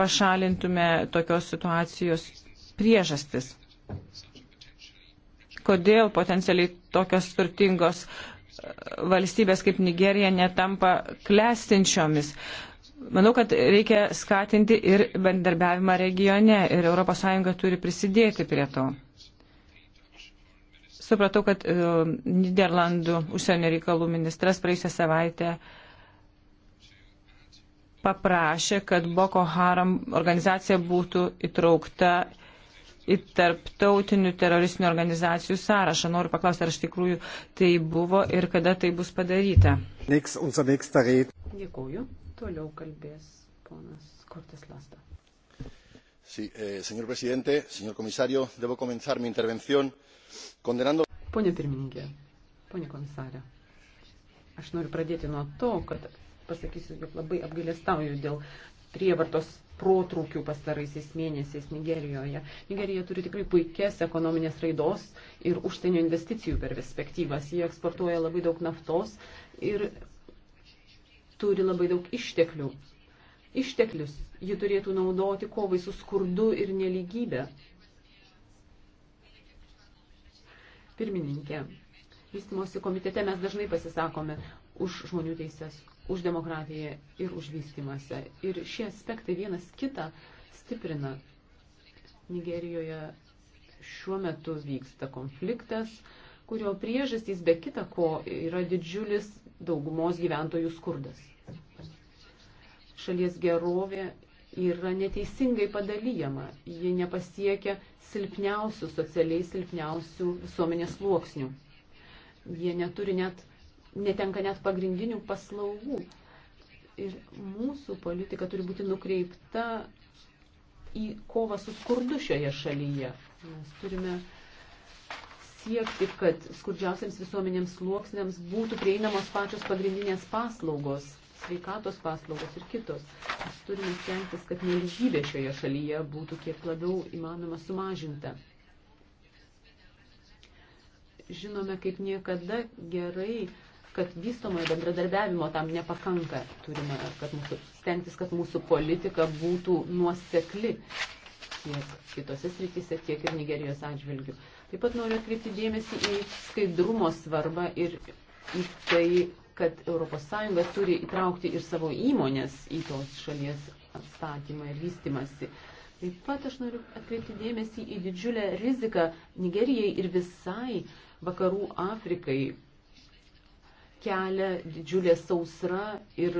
pašalintume tokios situacijos priežastis. Kodėl potencialiai tokios turtingos e, valstybės kaip Nigerija netampa klestinčiomis? Manau, kad reikia skatinti ir bendarbiavimą regione ir ES turi prisidėti prie to. Supratau, kad e, Niderlandų užsienio reikalų ministras praėjusią savaitę uh, paprašė, kad Boko Haram organizacija būtų įtraukta į tarptautinių teroristinių organizacijų sąrašą. Noriu paklausti, ar iš tikrųjų tai buvo ir kada tai bus padaryta. Dėkuoju. Toliau kalbės ponas Kortes Lasta. Sí, eh, señor presidente, señor comisario, debo comenzar mi intervención condenando. Pone pirmininkė, pone komisarė, aš noriu pradėti nuo to, kad pasakysiu, jog labai apgailestauju dėl prievartos protrūkių pastaraisiais mėnesiais Nigerijoje. Nigerija turi tikrai puikias ekonominės raidos ir užsienio investicijų perspektyvas. Jie eksportuoja labai daug naftos ir turi labai daug išteklių. Išteklius ji turėtų naudoti kovai su skurdu ir neligybė. Pirmininkė, vystimosi komitete mes dažnai pasisakome už žmonių teises, už demokratiją ir už vystimąsi. Ir šie aspektai vienas kitą stiprina. Nigerijoje šiuo metu vyksta konfliktas, kurio priežastys be kita ko yra didžiulis daugumos gyventojų skurdas. Šalies gerovė yra neteisingai padalyjama, ji nepasiekia silpniausių, socialiai silpniausių visuomenės sluoksnių. Jie neturi net netenka net pagrindinių paslaugų. Ir mūsų politika turi būti nukreipta į kovą su skurdu šioje šalyje. Mes turime siekti, kad skurdžiausiams visuomenėms sluoksniams būtų prieinamos pačios pagrindinės paslaugos, sveikatos paslaugos ir kitos. Mes turime stengtis, kad nelygybė šioje šalyje būtų kiek labiau įmanoma sumažinta. Žinome, kaip niekada gerai kad vystomojo bendradarbiavimo tam nepakanka. Turime kad mūsų, stengtis, kad mūsų politika būtų nuosekli tiek kitose srityse, tiek ir Nigerijos atžvilgių. Taip pat noriu atkreipti dėmesį į skaidrumo svarbą ir į tai, kad ES turi įtraukti ir savo įmonės į tos šalies atstatymą ir vystimasi. Taip pat aš noriu atkreipti dėmesį į didžiulę riziką Nigerijai ir visai vakarų Afrikai kelia didžiulė sausra ir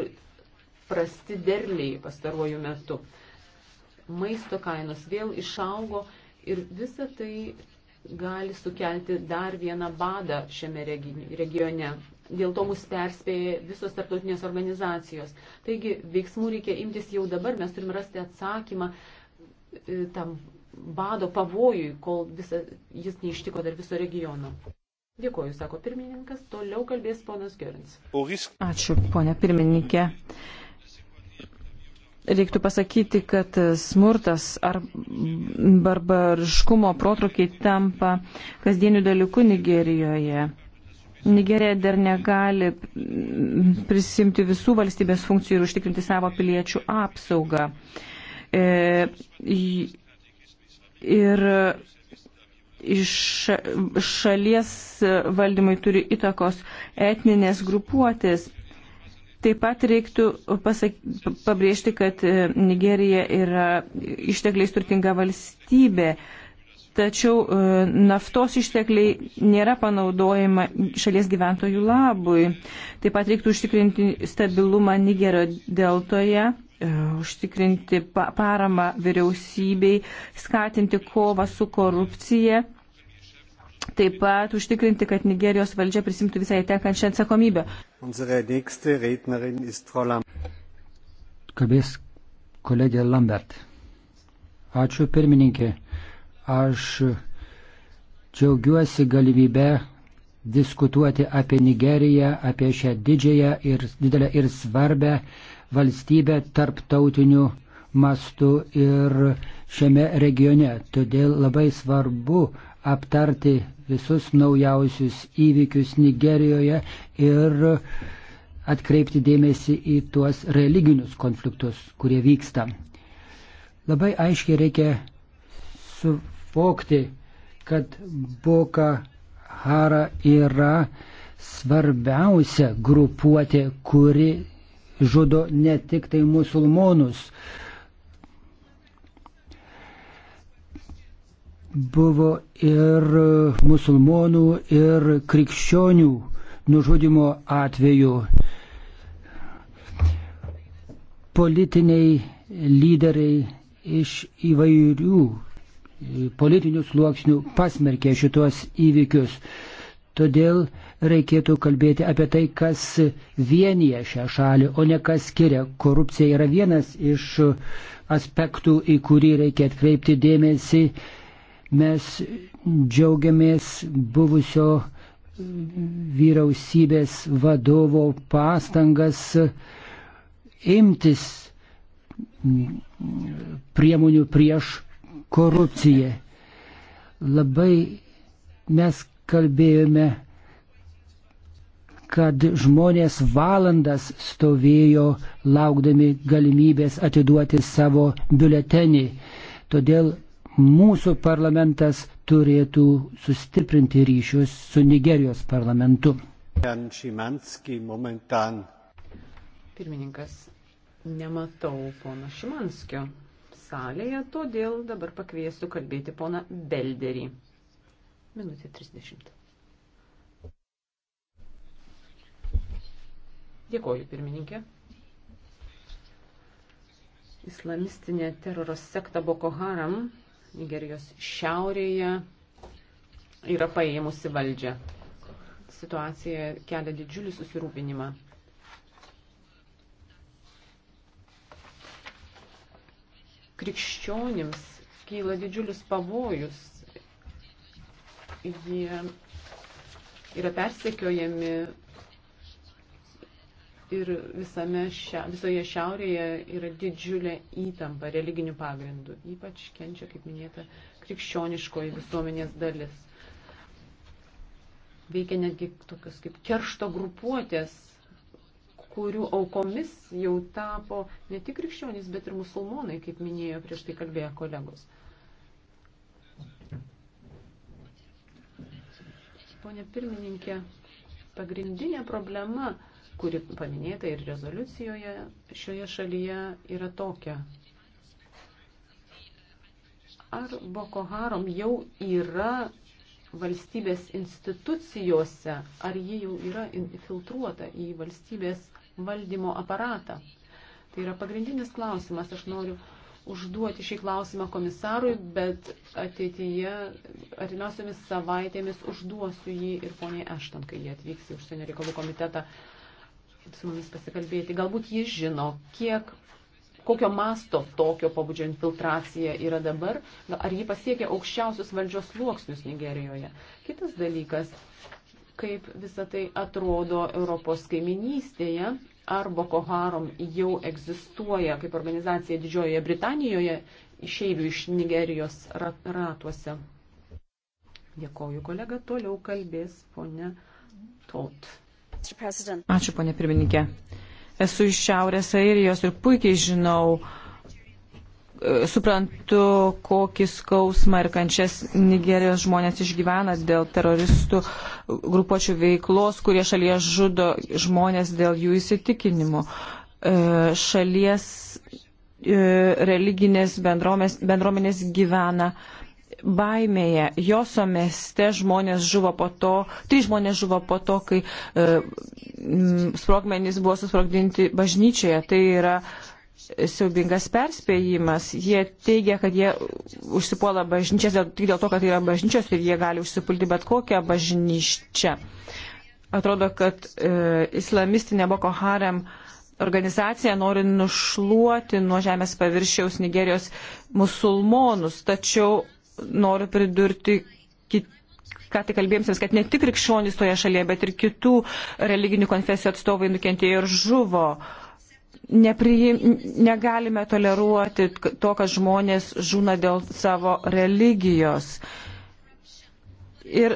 prasti derliai pastaruoju metu. Maisto kainos vėl išaugo ir visa tai gali sukelti dar vieną badą šiame regione. Dėl to mus perspėja visos tarptautinės organizacijos. Taigi veiksmų reikia imtis jau dabar, mes turim rasti atsakymą e, tam bado pavojui, kol visa, jis neištiko dar viso regiono. Dėkoju, sako pirmininkas. Toliau kalbės ponas Gerins. Ačiū, ponė pirmininkė. Reiktų pasakyti, kad smurtas ar barbariškumo protrukiai tampa kasdienių dalykų Nigerijoje. Nigerija dar negali prisimti visų valstybės funkcijų ir užtikrinti savo piliečių apsaugą. E, ir iš šalies valdymai turi įtakos etninės grupuotės. Taip pat reiktų pasak, pabrėžti, kad e, Nigerija yra ištekliais turtinga valstybė, tačiau e, naftos ištekliai nėra panaudojama šalies gyventojų labui. Taip pat reiktų užtikrinti stabilumą Nigerio deltoje E, užtikrinti paramą vyriausybei, skatinti kovą su korupcija, taip pat užtikrinti, kad Nigerijos valdžia prisimtų visą įtekančią atsakomybę. Kalbės kolegė Lambert. Ačiū pirmininkė. Aš džiaugiuosi galimybę diskutuoti apie Nigeriją, apie šią didžiąją ir didelę ir svarbę valstybę tarptautiniu mastu ir šiame regione. Todėl labai svarbu aptarti visus naujausius įvykius Nigerijoje ir atkreipti dėmesį į tuos religinius konfliktus, kurie vyksta. Labai aiškiai reikia suvokti, kad Boka Hara yra svarbiausia grupuotė, kuri žudo ne tik tai musulmonus. Buvo ir musulmonų, ir krikščionių nužudimo atveju. Politiniai lyderiai iš įvairių politinių sluoksnių pasmerkė šitos įvykius. Todėl reikėtų kalbėti apie tai, kas vienyje šią šalį, o ne kas skiria. Korupcija yra vienas iš aspektų, į kurį reikia atkreipti dėmesį. Mes džiaugiamės buvusio vyriausybės vadovo pastangas imtis priemonių prieš korupciją. Labai mes kalbėjome, kad žmonės valandas stovėjo laukdami galimybės atiduoti savo biuletenį. Todėl mūsų parlamentas turėtų sustiprinti ryšius su Nigerijos parlamentu. Pirmininkas, nematau pono Šimanskio salėje, todėl dabar pakviesiu kalbėti poną Belderį. Minutė 30. Dėkoju, pirmininkė. Islamistinė teroro sekta Boko Haram Nigerijos šiaurėje yra paėmusi valdžią. Situacija kelia didžiulį susirūpinimą. Krikščionims kyla didžiulis pavojus jie yra persekiojami ir visame šia, visoje šiaurėje yra didžiulė įtampa religinių pagrindų. Ypač kenčia, kaip minėta, krikščioniškoji visuomenės dalis. Veikia netgi tokios kaip keršto grupuotės, kurių aukomis jau tapo ne tik krikščionys, bet ir musulmonai, kaip minėjo prieš tai kalbėję kolegos. Pone pirmininkė, pagrindinė problema, kuri paminėta ir rezoliucijoje šioje šalyje, yra tokia. Ar Boko Haram jau yra valstybės institucijose, ar ji jau yra infiltruota į valstybės valdymo aparatą? Tai yra pagrindinis klausimas. Aš noriu užduoti šį klausimą komisarui, bet ateityje, artimiausiamis savaitėmis užduosiu jį ir poniai Ešton, kai jie atvyks į užsienio reikalų komitetą su mumis pasikalbėti. Galbūt jis žino, kiek kokio masto tokio pabudžio infiltracija yra dabar, ar jį pasiekia aukščiausius valdžios sluoksnius Nigerijoje. Kitas dalykas, kaip visa tai atrodo Europos kaiminystėje ar Boko Haram jau egzistuoja kaip organizacija Didžiojoje Britanijoje išeivių iš Nigerijos ratuose. Dėkoju, kolega. Toliau kalbės ponė Tot. Ačiū, ponė pirmininkė. Esu iš Šiaurės Airijos ir puikiai žinau, suprantu, kokį skausmą ir kančias Nigerijos žmonės išgyvena dėl teroristų grupuočių veiklos, kurie šalyje žudo žmonės dėl jų įsitikinimų. E, šalies e, religinės bendruomenės, bendruomenės gyvena baimėje. Joso mieste žmonės žuvo po to, trys žmonės žuvo po to, kai e, sprogmenys buvo susprogdinti bažnyčioje. Tai yra e, siaubingas perspėjimas. Jie teigia, kad jie užsipuola bažnyčias dėl, tik dėl to, kad tai yra bažnyčios ir jie gali užsipulti bet kokią bažnyčią. Atrodo, kad e, islamistinė Boko Harem organizacija nori nušluoti nuo žemės paviršiaus Nigerijos musulmonus, tačiau noriu pridurti kitą ką tik kalbėjomsiams, kad ne tik krikščionys toje šalyje, bet ir kitų religinių konfesijų atstovai nukentėjo ir žuvo. Uh, nepriim, negalime toleruoti to, kad žmonės žūna dėl savo religijos. Ir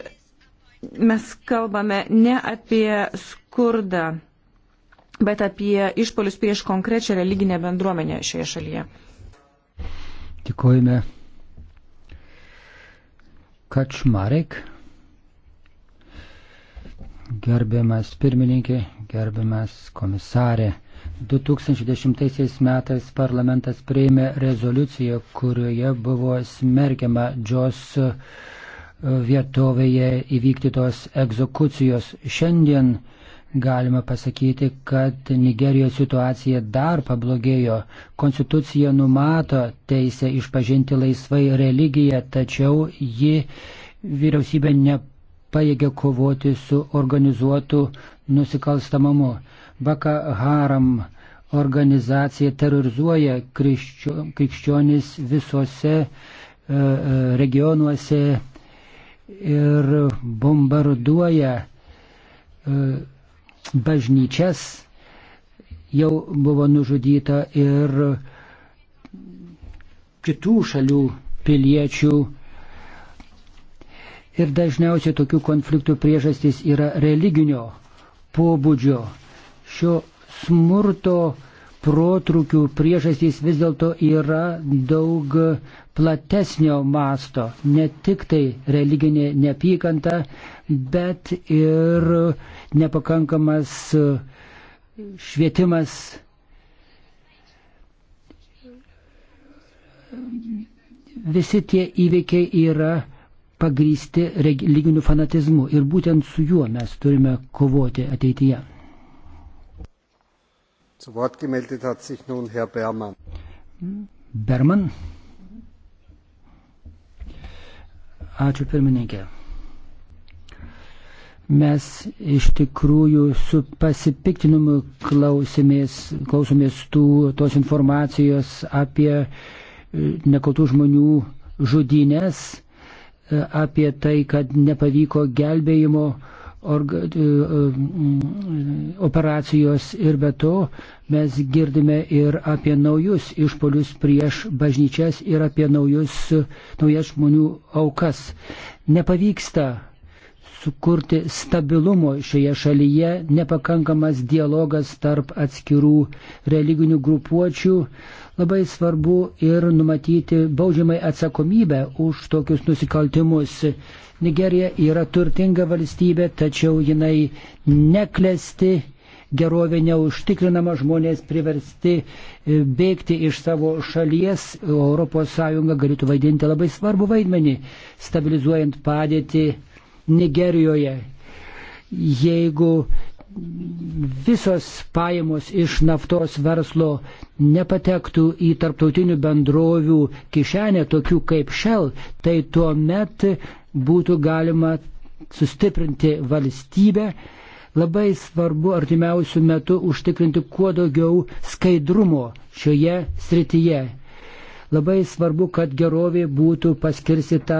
mes kalbame ne apie skurdą, bet apie išpolius prieš konkrečią religinę bendruomenę šioje šalyje. Dėkojame. Kačmarek. Gerbiamas pirmininkė, gerbiamas komisarė. 2010 metais parlamentas prieimė rezoliuciją, kurioje buvo smerkiama Džos e, vietovėje įvykdytos egzekucijos. Šiandien galima pasakyti, kad Nigerijos situacija dar pablogėjo. Konstitucija numato teisę išpažinti laisvai religiją, tačiau ji vyriausybė nepaėgė kovoti su organizuotu nusikalstamumu. Baka Haram organizacija terrorizuoja krikščio, krikščionis visose e, e, regionuose ir bombarduoja e, bažnyčias. Jau buvo nužudyta ir kitų šalių piliečių. Ir dažniausiai tokių konfliktų priežastys yra religinio pobūdžio Šio smurto protrukių priežastys vis dėlto yra daug platesnio masto, ne tik tai religinė neapykanta, bet ir nepakankamas švietimas visi tie įveikiai yra pagrysti religiniu fanatizmu ir būtent su juo mes turime kovoti ateityje. Berman. Ačiū pirmininkė. Mes iš tikrųjų su pasipiktinimu klausomės, klausomės tų, tos informacijos apie e, nekaltų žmonių žudynės, e, apie tai, kad nepavyko gelbėjimo uh, orga, e, e, operacijos ir be to mes girdime ir apie naujus išpolius prieš bažnyčias ir apie naujus, naujas žmonių aukas. Nepavyksta sukurti stabilumo šioje šalyje, nepakankamas dialogas tarp atskirų religinių grupuočių. Labai svarbu ir numatyti baudžiamai atsakomybę už tokius nusikaltimus. Nigerija yra turtinga valstybė, tačiau jinai neklesti gerovė neužtikrinama, žmonės priversti e, bėgti iš savo šalies, ES galėtų vaidinti labai svarbu vaidmenį, stabilizuojant padėtį Nigerijoje. Jeigu visos pajamos iš naftos verslo nepatektų į tarptautinių bendrovių kišenę, tokių kaip Shell, tai tuo met būtų galima sustiprinti valstybę. Labai svarbu artimiausių metų užtikrinti kuo daugiau skaidrumo šioje srityje. Labai svarbu, kad gerovė būtų paskirstita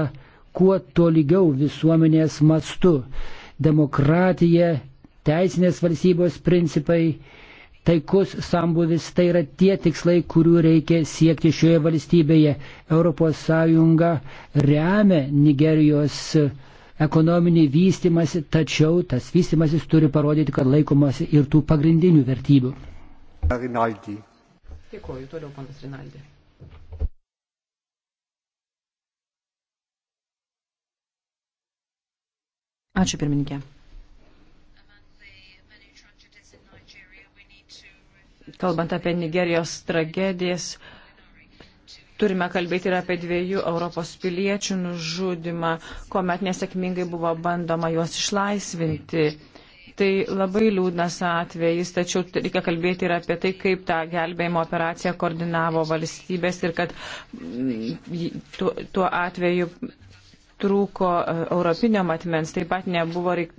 kuo tolygiau visuomenės mastu. Demokratija, teisinės valstybės principai, taikus sambuvis tai yra tie tikslai, kurių reikia siekti šioje valstybėje. ES remia Nigerijos ekonominį vystimąsi, tačiau tas vystimasis turi parodyti, kad laikomasi ir tų pagrindinių vertybių. Rinaldi. Dėkuoju, toliau panas Rinaldi. Ačiū pirmininkė. Kalbant apie Nigerijos tragedijas, turime kalbėti ir apie dviejų Europos piliečių nužudimą, kuomet nesėkmingai buvo bandoma juos išlaisvinti. Tai labai liūdnas atvejis, tačiau reikia kalbėti ir apie tai, kaip tą gelbėjimo operaciją koordinavo valstybės ir kad mm, tuo atveju trūko e, europinio matmens, taip pat nebuvo reik...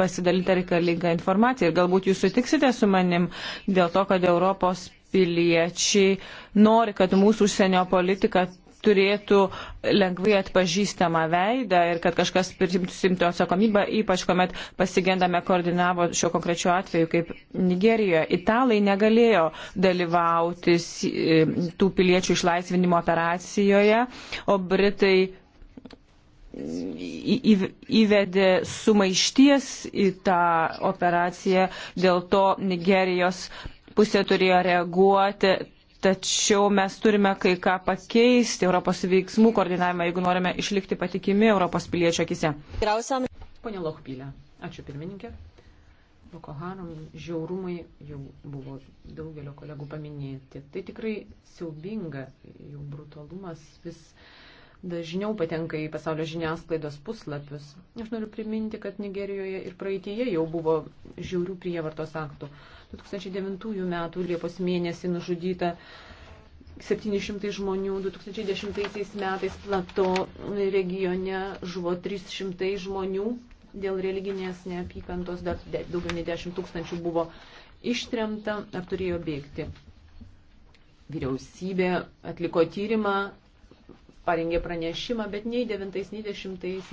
pasidalinta reikalinga informacija. Ir galbūt jūs sutiksite su manim dėl to, kad Europos piliečiai nori, kad mūsų užsienio politika turėtų lengvai atpažįstamą veidą ir kad kažkas prisimtų atsakomybę, ypač kuomet pasigendame koordinavo šio konkrečio atveju, kaip Nigerijoje. Italai negalėjo dalyvauti tų piliečių išlaisvinimo operacijoje, o Britai įvedė sumaišties į tą operaciją, dėl to Nigerijos pusė turėjo reaguoti. Tačiau mes turime kai ką pakeisti Europos veiksmų koordinavimą, jeigu norime išlikti patikimi Europos piliečio akise. Pone Lochpylė, ačiū pirmininkė. Boko Haram žiaurumai jau buvo daugelio kolegų paminėti. Tai tikrai siaubinga, jų brutalumas vis uh, dažniau patenka į pasaulio žiniasklaidos puslapius. Aš noriu priminti, kad Nigerijoje ir praeitėje jau buvo žiaurių prievartos aktų. 2009 m. Liepos mėnesį nužudyta 700 žmonių, 2010 metais plato regione žuvo 300 žmonių dėl religinės neapykantos, dar daugiau nei 10 tūkstančių buvo ištremta ar turėjo bėgti. Vyriausybė atliko tyrimą parengė pranešimą, bet nei 90 metais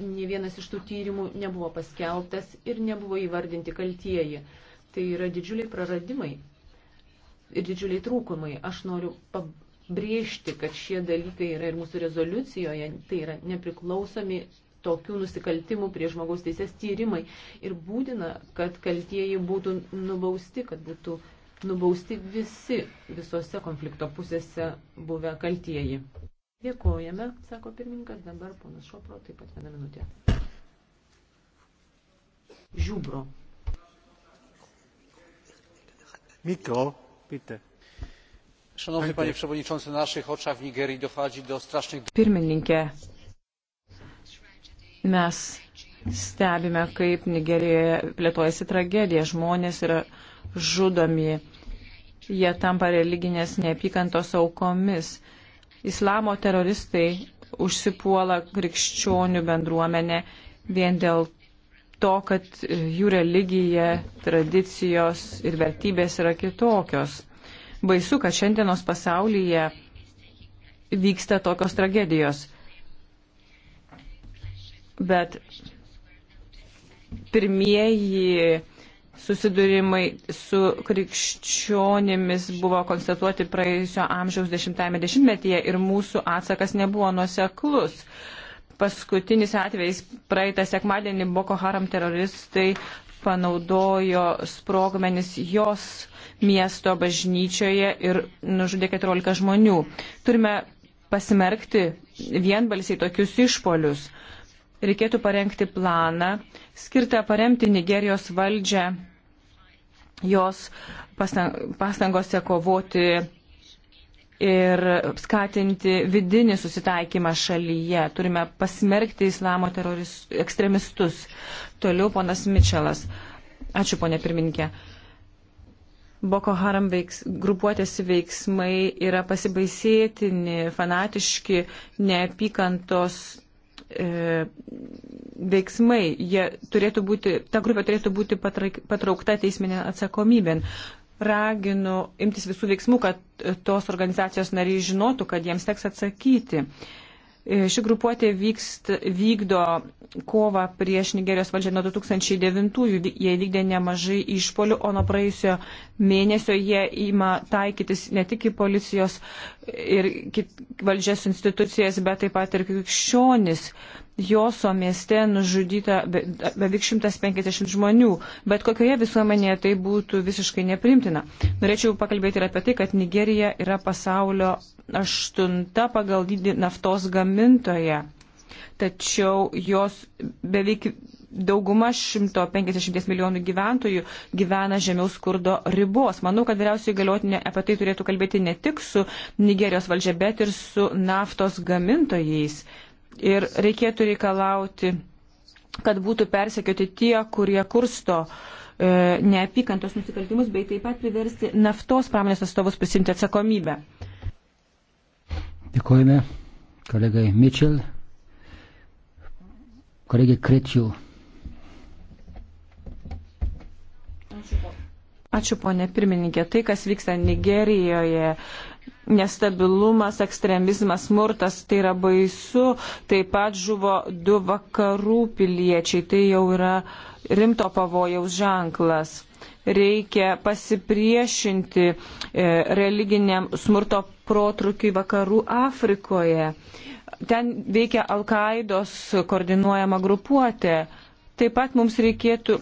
ne vienas iš tų tyrimų nebuvo paskelbtas ir nebuvo įvardinti kaltieji. Tai yra didžiuliai praradimai ir didžiuliai trūkumai. Aš noriu pabrėžti, kad šie dalykai yra ir mūsų rezoliucijoje, tai yra nepriklausomi tokių nusikaltimų prie žmogaus teisės tyrimai ir būtina, kad kaltieji būtų nubausti, kad būtų nubausti visi visose konflikto pusėse buvę kaltieji. Dėkojame, sako pirmininkas, dabar ponas Šopro, taip pat vieną minutę. Žiūbro. Mikro, pite. Szanowny panie przewodniczący, na naszych oczach w Nigerii dochodzi do strasznych. Pirmininkė, mes stebime, kaip Nigerijoje plėtojasi tragedija. Žmonės yra. Ir žudomi. Jie tampa religinės neapykantos aukomis. Islamo teroristai užsipuola krikščionių bendruomenę vien dėl to, kad jų religija, tradicijos ir vertybės yra kitokios. Baisu, kad šiandienos pasaulyje vyksta tokios tragedijos. Bet pirmieji susidūrimai su krikščionimis buvo konstatuoti praėjusio amžiaus dešimtame dešimtmetyje ir mūsų atsakas nebuvo nuoseklus. Paskutinis atvejs praeitą sekmadienį Boko Haram teroristai panaudojo sprogmenis jos miesto bažnyčioje ir nužudė 14 žmonių. Turime pasimerkti vienbalsiai tokius išpolius reikėtų parengti planą skirtą paremti Nigerijos valdžią jos pastangose kovoti ir skatinti vidinį susitaikymą šalyje. Turime pasmerkti islamo terorist, ekstremistus. Toliau ponas Mičelas. Ačiū, ponė pirmininkė. Boko Haram veiks, grupuotės veiksmai yra pasibaisėtini, fanatiški, neapykantos e, veiksmai, jie turėtų būti, ta grupė turėtų būti patraukta teisminė atsakomybėn. Raginu imtis visų veiksmų, kad tos organizacijos nariai žinotų, kad jiems teks atsakyti. E, E, ši grupuotė vykst, vykdo kovą prieš Nigerijos valdžią nuo 2009-ųjų. Jie vykdė nemažai išpolių, o nuo praėjusio mėnesio jie ima taikytis ne tik į policijos ir valdžios institucijas, bet taip pat ir krikščionis. Joso mieste nužudyta beveik 150 žmonių, bet kokioje visuomenėje tai būtų visiškai neprimtina. Norėčiau pakalbėti ir apie tai, kad Nigerija yra pasaulio aštunta pagal dydį naftos gamintoje, tačiau jos beveik dauguma 150 milijonų gyventojų gyvena žemiau skurdo ribos. Manau, kad vyriausiai galiotinė apie tai turėtų kalbėti ne tik su Nigerijos valdžia, bet ir su naftos gamintojais ir reikėtų reikalauti, kad būtų persekioti tie, kurie kursto e, neapykantos nusikaltimus, bei taip pat priversti naftos pramonės atstovus prisimti atsakomybę. Dėkojame kolegai Mitchell, kolegai Krečių. Ačiū, ponė pirmininkė. Tai, kas vyksta Nigerijoje, nestabilumas, ekstremizmas, smurtas, tai yra baisu. Taip pat žuvo du vakarų piliečiai, tai jau yra rimto pavojaus ženklas. Reikia pasipriešinti e, religiniam smurto protrukiai vakarų Afrikoje. Ten veikia Al-Qaidos koordinuojama grupuotė. Taip pat mums reikėtų,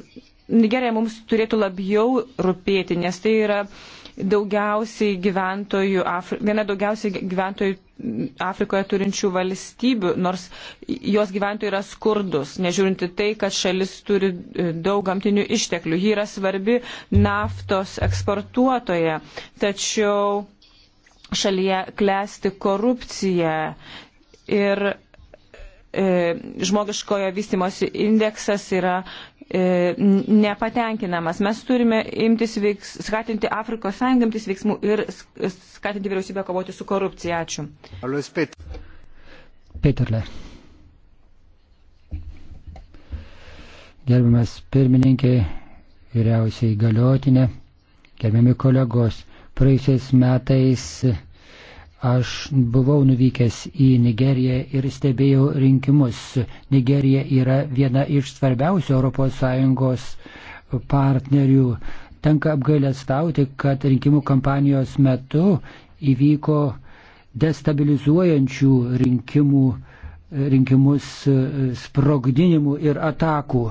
gerai, mums turėtų labiau rūpėti, nes tai yra daugiausiai gyventojų, Afri viena daugiausiai gyventojų Afrikoje turinčių valstybių, nors jos gyventojai yra skurdus, nežiūrinti tai, kad šalis turi e, daug gamtinių išteklių. Ji yra svarbi naftos eksportuotoje, tačiau šalyje klesti korupcija ir e, žmogiškojo vystimosi indeksas yra E, nepatenkinamas. Mes turime imtis veiks, skatinti Afrikos sąjungą imtis veiksmų ir skatinti vyriausybę kovoti su korupcija. Ačiū. Peterle. Gerbiamas pirmininkė, vyriausiai galiotinė, gerbiami kolegos, praėjusiais metais Aš buvau nuvykęs į Nigeriją ir stebėjau rinkimus. Nigerija yra viena iš svarbiausių ES partnerių. Tenka apgailestauti, kad rinkimų kampanijos metu įvyko destabilizuojančių rinkimų, rinkimus sprogdinimų ir atakų.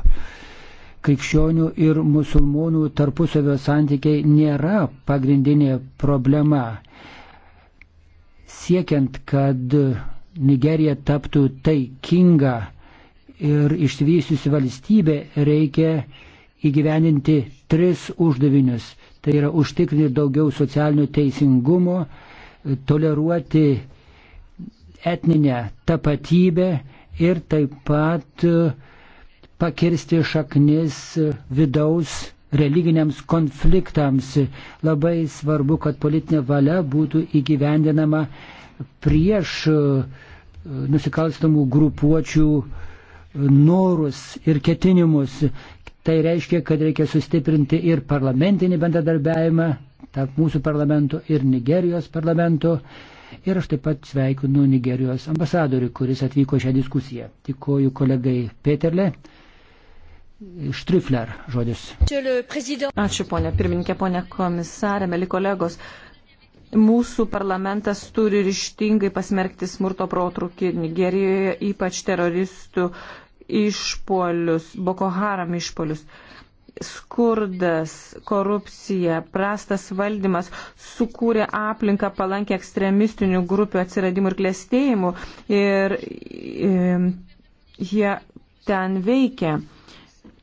Krikščionių ir musulmonų tarpusavio santykiai nėra pagrindinė problema siekiant, kad Nigerija taptų taikinga ir išsivysiusi valstybė, reikia įgyveninti tris uždavinius. Tai yra užtikrinti daugiau socialinio teisingumo, toleruoti etninę tapatybę ir taip pat pakirsti šaknis vidaus religiniams konfliktams. Labai svarbu, kad politinė valia būtų įgyvendinama prieš e, nusikalstamų grupuočių e, norus ir ketinimus. Tai reiškia, kad reikia sustiprinti ir parlamentinį bendradarbiavimą tarp mūsų parlamento ir Nigerijos parlamento. Ir aš taip pat sveikinu Nigerijos ambasadorių, kuris atvyko šią diskusiją. Tikoju kolegai Peterle. Štrifler žodis. Ačiū, ponė pirmininkė, ponė komisarė, meli kolegos. Mūsų parlamentas turi ryštingai pasmerkti smurto protrukį Nigerijoje, ypač teroristų išpolius, Boko Haram išpolius. Skurdas, korupcija, prastas valdymas sukūrė aplinką palankę ekstremistinių grupių atsiradimų ir klėstėjimų ir, ir jie ten veikia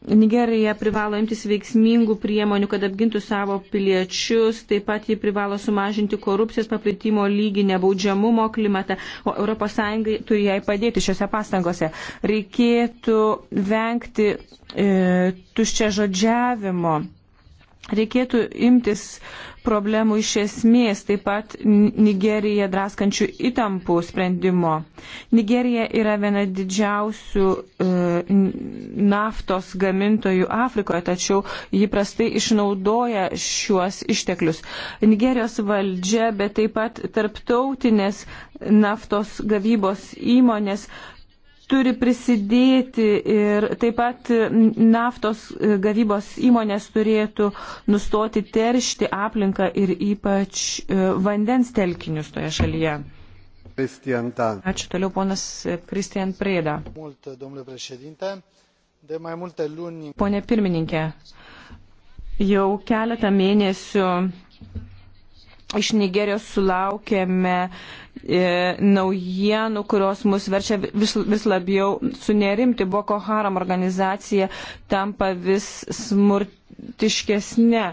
Nigerija privalo imtis veiksmingų priemonių, kad apgintų savo piliečius, taip pat jį privalo sumažinti korupcijos paplitimo lygį, nebaudžiamumo klimatą, o ES turi jai padėti šiuose pastangose. Reikėtų vengti e, tuščia žodžiavimo Reikėtų imtis problemų iš esmės, taip pat Nigerija draskančių įtampų sprendimo. Nigerija yra viena didžiausių e, naftos gamintojų Afrikoje, tačiau ji prastai išnaudoja šiuos išteklius. Nigerijos valdžia, bet taip pat tarptautinės naftos gavybos įmonės turi prisidėti ir taip pat naftos gavybos įmonės turėtų nustoti teršti aplinką ir ypač e, vandens telkinius toje šalyje. Ačiū toliau ponas Kristian Prėda. Pone pirmininkė, jau keletą mėnesių iš Nigerijos sulaukėme e, naujienų, kurios mus verčia vis, vis labiau sunerimti. Boko Haram organizacija tampa vis smurtiškesnė.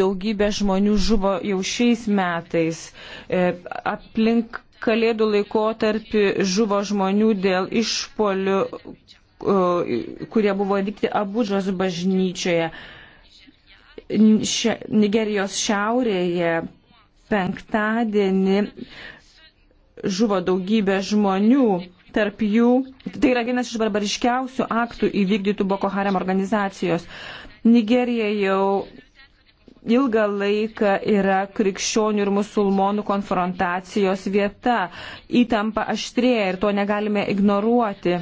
Daugybė žmonių žuvo jau šiais metais. E, aplink kalėdų laikotarpį žuvo žmonių dėl išpolių, e, kurie buvo vykti Abudžos bažnyčioje. E, še, Nigerijos šiaurėje penktadienį žuvo daugybė žmonių, tarp jų, tai yra vienas iš barbariškiausių aktų įvykdytų Boko Haram organizacijos. Nigerija jau ilgą laiką yra krikščionių ir musulmonų konfrontacijos vieta. Įtampa aštrėja ir to negalime ignoruoti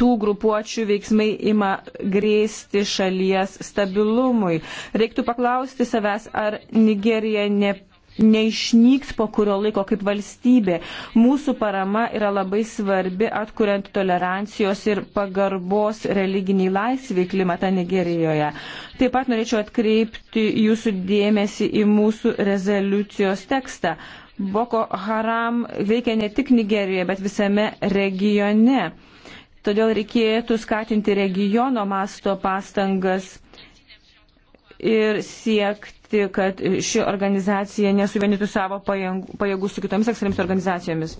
tų grupuočių veiksmai ima grėsti šalies stabilumui. Reiktų paklausti savęs, ar Nigerija ne, neišnyks po kurio laiko kaip valstybė. Mūsų parama yra labai svarbi atkuriant tolerancijos ir pagarbos religiniai laisviai klimatą Nigerijoje. Taip pat norėčiau atkreipti jūsų dėmesį į mūsų rezoliucijos tekstą. Boko Haram veikia ne tik Nigerijoje, bet visame regione Todėl reikėtų skatinti regiono masto pastangas ir siekti, kad ši organizacija nesuvienytų savo pajėgų su kitomis ekstremistomis organizacijomis.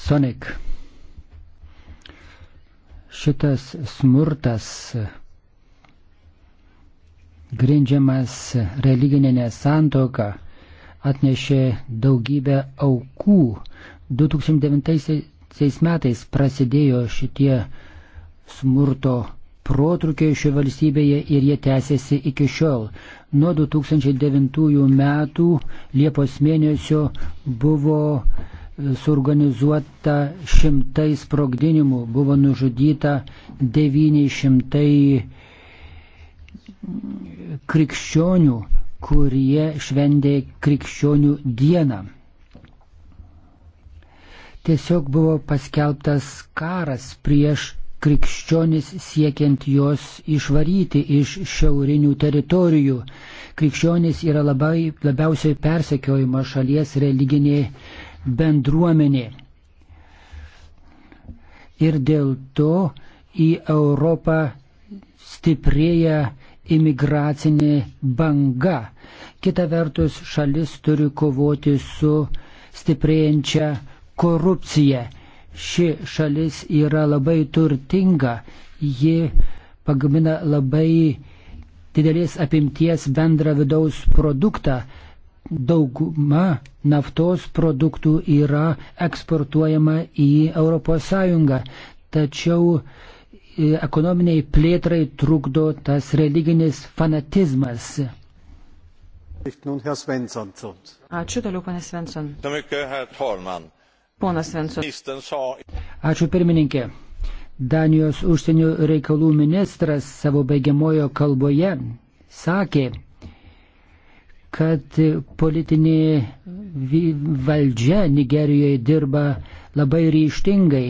Sonik. Šitas smurtas grindžiamas religinė nesantoka atnešė daugybę aukų. 2009, Seis metais prasidėjo šitie smurto protrukiai šioje valstybėje ir jie tęsiasi iki šiol. Nuo 2009 metų Liepos mėnesio buvo suorganizuota šimtai sprogdinimų, buvo nužudyta 900 krikščionių, kurie šventė krikščionių dieną. Tiesiog buvo paskelbtas karas prieš krikščionis siekiant juos išvaryti iš šiaurinių teritorijų. Krikščionis yra labai, labiausiai persekiojama šalies religinė bendruomenė. Ir dėl to į Europą stiprėja imigracinė banga. Kita vertus, šalis turi kovoti su stiprėjančia korupcija. Ši šalis yra labai turtinga, ji pagamina labai didelės apimties bendrą vidaus produktą. Dauguma naftos produktų yra eksportuojama į ES, tačiau e, ekonominiai plėtrai trukdo tas religinis fanatizmas. Ačiū toliau, pane Svensson. Ponas Vensus. Ačiū pirmininkė. Danijos užsienio reikalų ministras savo baigiamojo kalboje sakė, kad politinė valdžia Nigerijoje dirba labai ryštingai.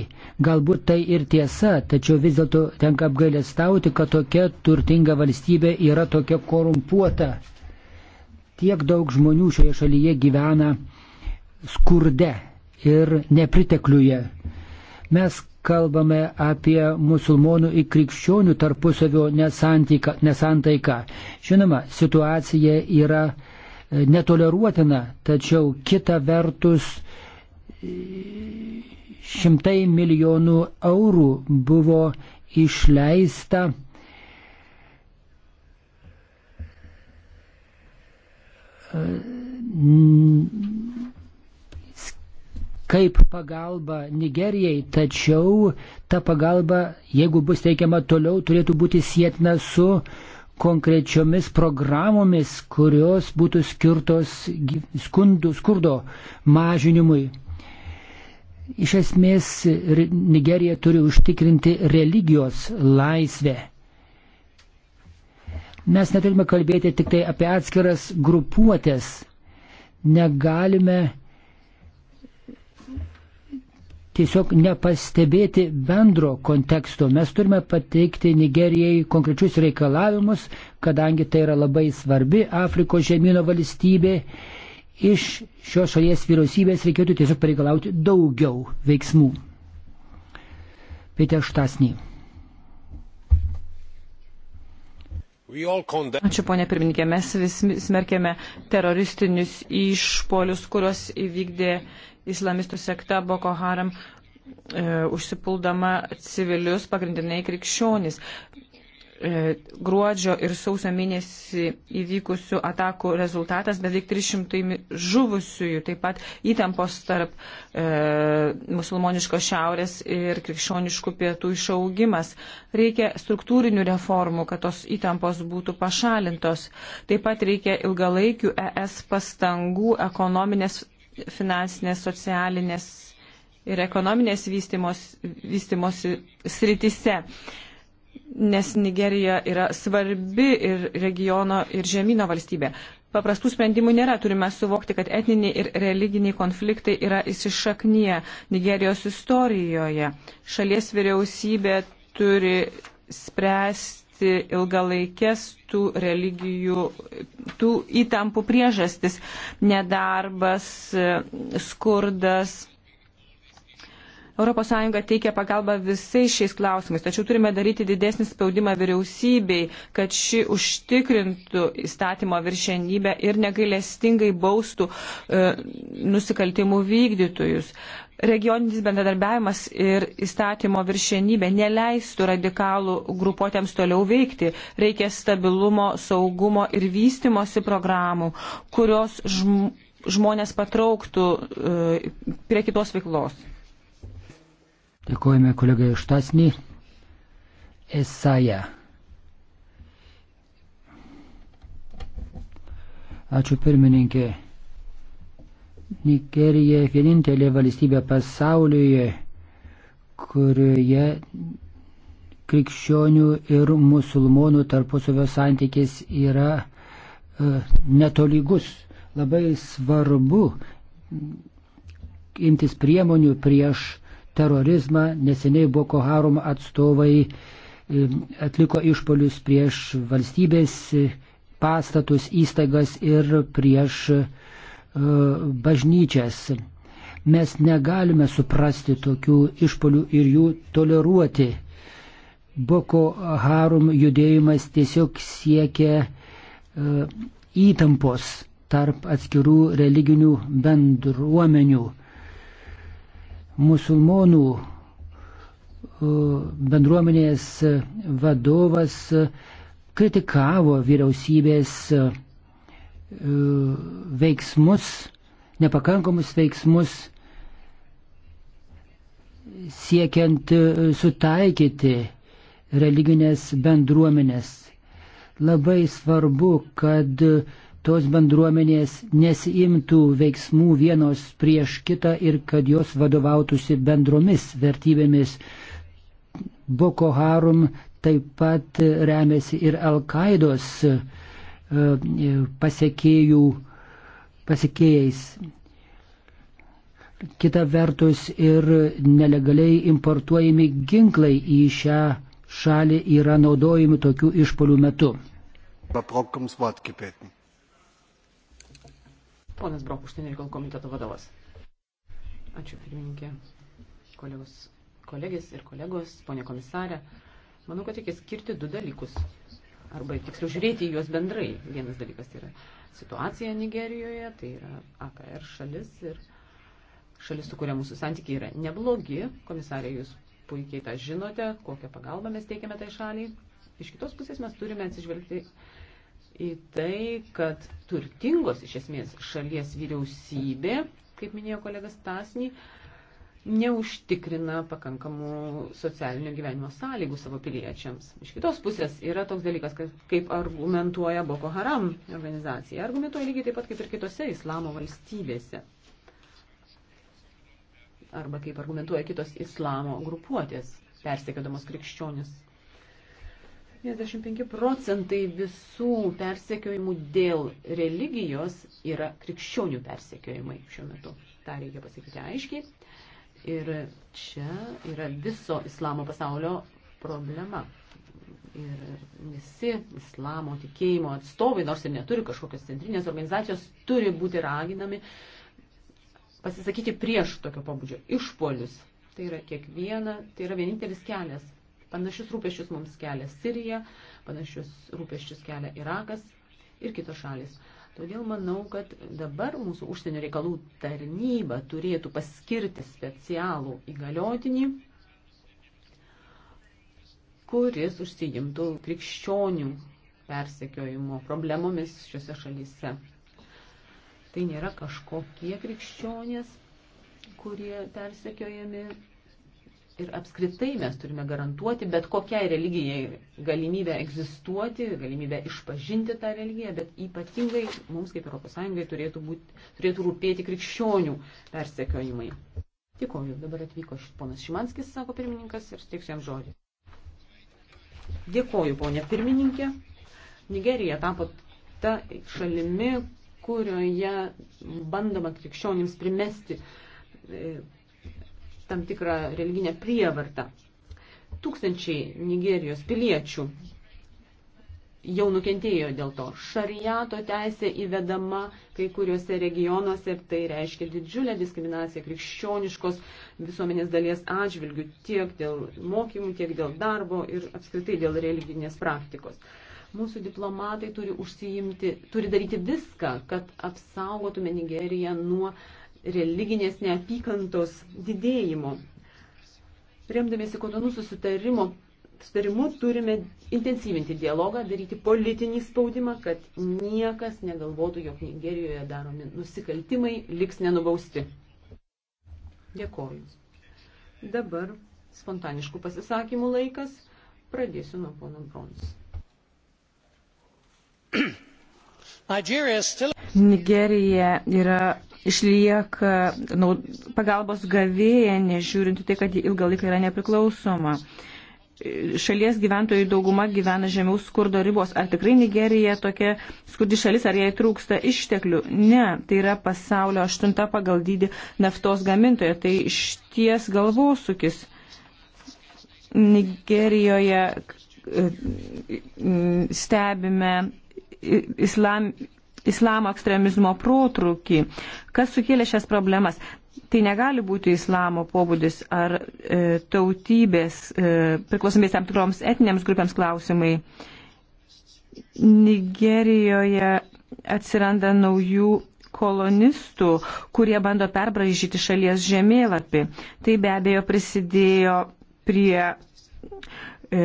Galbūt tai ir tiesa, tačiau vis dėlto tenka apgailestauti, kad tokia turtinga valstybė yra tokia korumpuota. Tiek daug žmonių šioje šalyje gyvena skurde ir nepritekliuje. Mes kalbame apie musulmonų ir krikščionių tarpusavio nesantaiką. Žinoma, situacija yra e, netoleruotina, tačiau kita vertus e, šimtai milijonų eurų buvo išleista kaip pagalba Nigerijai, tačiau ta pagalba, jeigu bus teikiama toliau, turėtų būti sėtina su konkrečiomis programomis, kurios būtų skirtos skundų, skurdo mažinimui. Iš esmės, Nigerija turi užtikrinti religijos laisvę. Mes neturime kalbėti tik tai apie atskiras grupuotės. Negalime tiesiog nepastebėti bendro konteksto. Mes turime pateikti Nigerijai konkrečius reikalavimus, kadangi tai yra labai svarbi Afrikos žemynų valstybė. Iš šios šalies vyriausybės reikėtų tiesiog pareikalauti daugiau veiksmų. Peter Štasny. Ačiū, ponė pirmininkė. Mes vis smerkėme teroristinius išpolius, kuriuos įvykdė islamistų sekta Boko Haram e, užsipuldama civilius, pagrindinai krikščionys. E, gruodžio ir sausio mėnesį įvykusių atakų rezultatas beveik 300 žuvusiųjų, taip pat įtampos tarp e, musulmoniško šiaurės ir krikščioniškų pietų išaugimas. Reikia struktūrinių reformų, kad tos įtampos būtų pašalintos. Taip pat reikia ilgalaikių ES pastangų ekonominės finansinės, socialinės ir ekonominės vystimos, vystimosi sritise, nes Nigerija yra svarbi ir regiono ir žemyno valstybė. Paprastų sprendimų nėra, turime suvokti, kad etniniai ir religiniai konfliktai yra įsišaknyje Nigerijos istorijoje. Šalies vyriausybė turi spręsti rasti ilgalaikės tų religijų, tų įtampų priežastis - nedarbas, skurdas. ES teikia pagalbą visais šiais klausimais, tačiau turime daryti didesnį spaudimą vyriausybei, kad ši užtikrintų įstatymo viršenybę ir negailestingai baustų e, nusikaltimų vykdytojus. E, regioninis bendradarbiavimas ir įstatymo viršienybė neleistų radikalų grupuotėms toliau veikti. Reikia stabilumo, saugumo ir vystimosi programų, kurios žm žmonės patrauktų uh, prie kitos veiklos. Dėkojame kolegai Štasny. Esaja. Ačiū pirmininkė. Nigerija vienintelė valstybė pasaulyje, kurioje krikščionių ir musulmonų tarpusavio santykis yra e, netolygus. Labai svarbu imtis priemonių prieš terorizmą. Neseniai Boko Haram atstovai e, atliko išpolius prieš valstybės e, pastatus, įstaigas ir prieš uh, bažnyčias. Mes negalime suprasti tokių išpolių ir jų toleruoti. Boko Harum judėjimas tiesiog siekia e, įtampos tarp atskirų religinių bendruomenių. Musulmonų e, bendruomenės vadovas kritikavo vyriausybės E, veiksmus, nepakankamus veiksmus siekiant e, sutaikyti religinės bendruomenės. Labai svarbu, kad tos bendruomenės nesiimtų veiksmų vienos prieš kitą ir kad jos vadovautųsi bendromis vertybėmis. Boko Harum taip pat remiasi ir Al-Qaidos uh, pasiekėjų, pasiekėjais. Kita vertus ir nelegaliai importuojami ginklai į šią šalį yra naudojami tokių išpolių metu. Ponas Brok, užsienio reikalų komiteto vadovas. Ačiū, pirmininkė, kolegos, kolegės ir kolegos, ponė komisarė. Manau, kad reikia skirti du dalykus arba tiksliau žiūrėti į juos bendrai. Vienas dalykas tai yra situacija Nigerijoje, tai yra AKR šalis ir šalis, su kuria mūsų santykiai yra neblogi. Komisarė, jūs puikiai tą žinote, kokią pagalbą mes teikiame tai šaliai. Iš kitos pusės mes turime atsižvelgti į tai, kad turtingos iš esmės šalies vyriausybė, kaip minėjo kolegas Tasny, uh, neužtikrina pakankamų socialinio gyvenimo sąlygų savo piliečiams. Iš kitos pusės yra toks dalykas, kaip argumentuoja Boko Haram organizacija. Argumentuoja lygiai taip pat kaip ir kitose islamo valstybėse. Arba kaip argumentuoja kitos islamo grupuotės, persiekėdamos krikščionis. 75 procentai visų persekiojimų dėl religijos yra krikščionių persekiojimai šiuo metu. Ta reikia pasakyti aiškiai. Ir čia yra viso islamo pasaulio problema. Ir visi islamo tikėjimo atstovai, nors ir neturi kažkokios centrinės organizacijos, turi būti raginami pasisakyti prieš tokio pabudžio išpolius. Tai yra kiekviena, tai yra vienintelis kelias. Panašius rūpeščius mums kelia Sirija, panašius rūpeščius kelia Irakas ir kitos šalis. Todėl manau, kad dabar mūsų užsienio reikalų tarnyba turėtų paskirti specialų įgaliotinį, kuris užsijimtų krikščionių persekiojimo problemomis šiuose šalyse. Tai nėra kažkokie krikščionės, kurie persekiojami Ir apskritai mes turime garantuoti bet kokiai religijai galimybę egzistuoti, galimybę išpažinti tą religiją, bet ypatingai mums kaip ES turėtų, būti, turėtų rūpėti krikščionių persekiojimai. Dėkoju, dabar atvyko ponas Šimanskis, sako pirmininkas, ir steiksiu jam žodį. Dėkoju, ponė pirmininkė. Nigerija tapo ta šalimi, kurioje bandoma krikščionims primesti e, tam tikrą religinę prievartą. Tūkstančiai Nigerijos piliečių jau nukentėjo dėl to. Šariato teisė įvedama kai kuriuose regionuose ir tai reiškia didžiulę diskriminaciją krikščioniškos visuomenės dalies atžvilgių tiek dėl mokymų, tiek dėl darbo ir apskritai dėl religinės praktikos. Mūsų diplomatai turi, užsiimti, turi daryti viską, kad apsaugotume Nigeriją nuo uh, religinės neapykantos didėjimo. Remdamėsi kotonų susitarimo, susitarimu turime intensyvinti dialogą, daryti politinį spaudimą, kad niekas negalvotų, jog Nigerijoje daromi nusikaltimai liks nenubausti. Dėkoju. Dabar spontaniškų pasisakymų laikas. Pradėsiu nuo pono Brons. Nigerija yra išlieka pagalbos gavėja, nežiūrint tai, kad ji ilgą laiką yra nepriklausoma. Šalies gyventojų dauguma gyvena žemiau skurdo ribos. Ar tikrai Nigerija tokia skurdi šalis, ar jai trūksta išteklių? Ne, tai yra pasaulio aštunta pagal dydį naftos gamintoje. Tai išties galvosūkis. Nigerijoje e, stebime islam, islamo ekstremizmo protrukį. Kas sukėlė šias problemas? Tai negali būti islamo pobūdis ar e, tautybės, e, priklausomės tam tikroms etinėms grupėms klausimai. Nigerijoje atsiranda naujų kolonistų, kurie bando perbražyti šalies žemėlapį. Tai be abejo prisidėjo prie e,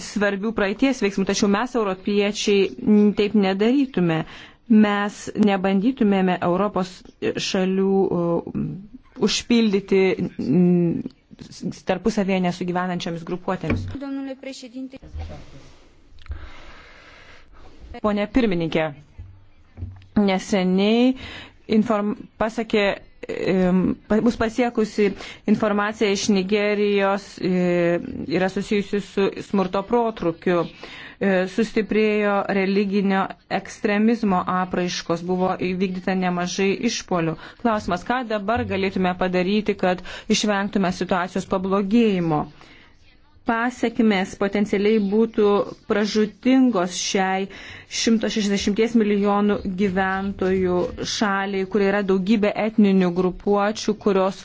svarbių praeities veiksmų, tačiau mes, europiečiai, taip nedarytume. Mes nebandytumėme Europos šalių uh, užpildyti mm, tarpusavėje nesugyvenančiomis grupuotėmis. Pone pirmininkė, neseniai inform... pasakė bus pasiekusi informacija iš Nigerijos e, yra susijusi su smurto protrukiu. E, sustiprėjo religinio ekstremizmo apraiškos, buvo įvykdyta nemažai išpolių. Klausimas, ką dabar galėtume padaryti, kad išvengtume situacijos pablogėjimo? pasiekmes potencialiai būtų pražutingos šiai 160 milijonų gyventojų šaliai, kur yra daugybė etninių grupuočių, kurios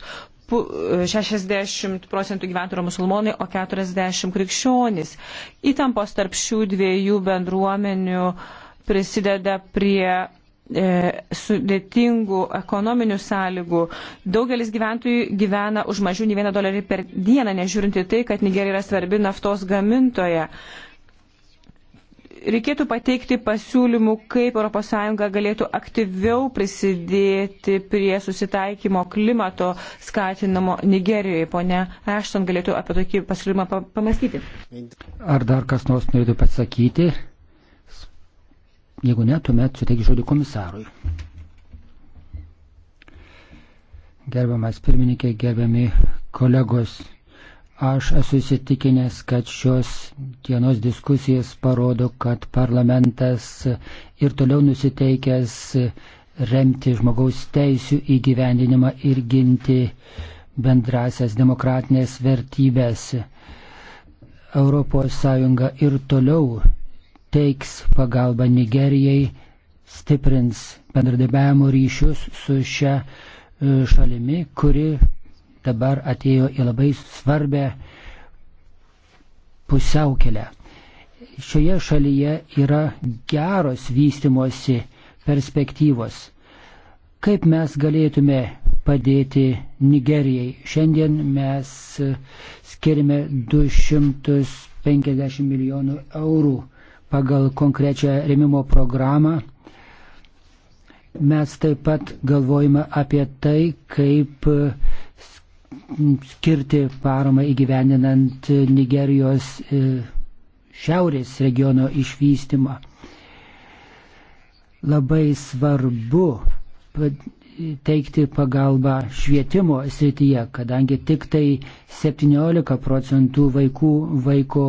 60 procentų gyventojų yra musulmonai, o 40 krikščionys. Įtampos tarp šių dviejų bendruomenių prisideda prie E, sudėtingų ekonominių sąlygų. Daugelis gyventojų gyvena už mažiau nei vieną dolerį per dieną, nežiūrinti tai, kad Nigerija yra svarbi naftos gamintoja. Reikėtų pateikti pasiūlymų, kaip ES galėtų aktyviau prisidėti prie susitaikymo klimato skatinamo Nigerijoje. Pone Ashton galėtų apie tokį pasiūlymą pamastyti. Ar dar kas nors norėtų pasakyti? Jeigu ne, tuomet suteikiu žodį komisarui. Gerbiamas pirmininkė, gerbiami kolegos, aš esu įsitikinęs, kad šios dienos diskusijas parodo, kad parlamentas ir toliau nusiteikęs remti žmogaus teisų įgyvendinimą ir ginti bendrasias demokratinės vertybės. ES ir toliau teiks pagalbą Nigerijai, stiprins bendradarbiavimo ryšius su šia e, šalimi, kuri dabar atėjo į labai svarbę pusiaukelę. Šioje šalyje yra geros vystimosi perspektyvos. Kaip mes galėtume padėti Nigerijai? Šiandien mes e, skirime 250 milijonų eurų pagal konkrečią remimo programą. Mes taip pat galvojame apie tai, kaip skirti paramą įgyvendinant Nigerijos e, šiaurės regiono išvystymą. Labai svarbu teikti pagalbą švietimo srityje, kadangi tik tai 17 procentų vaikų vaiko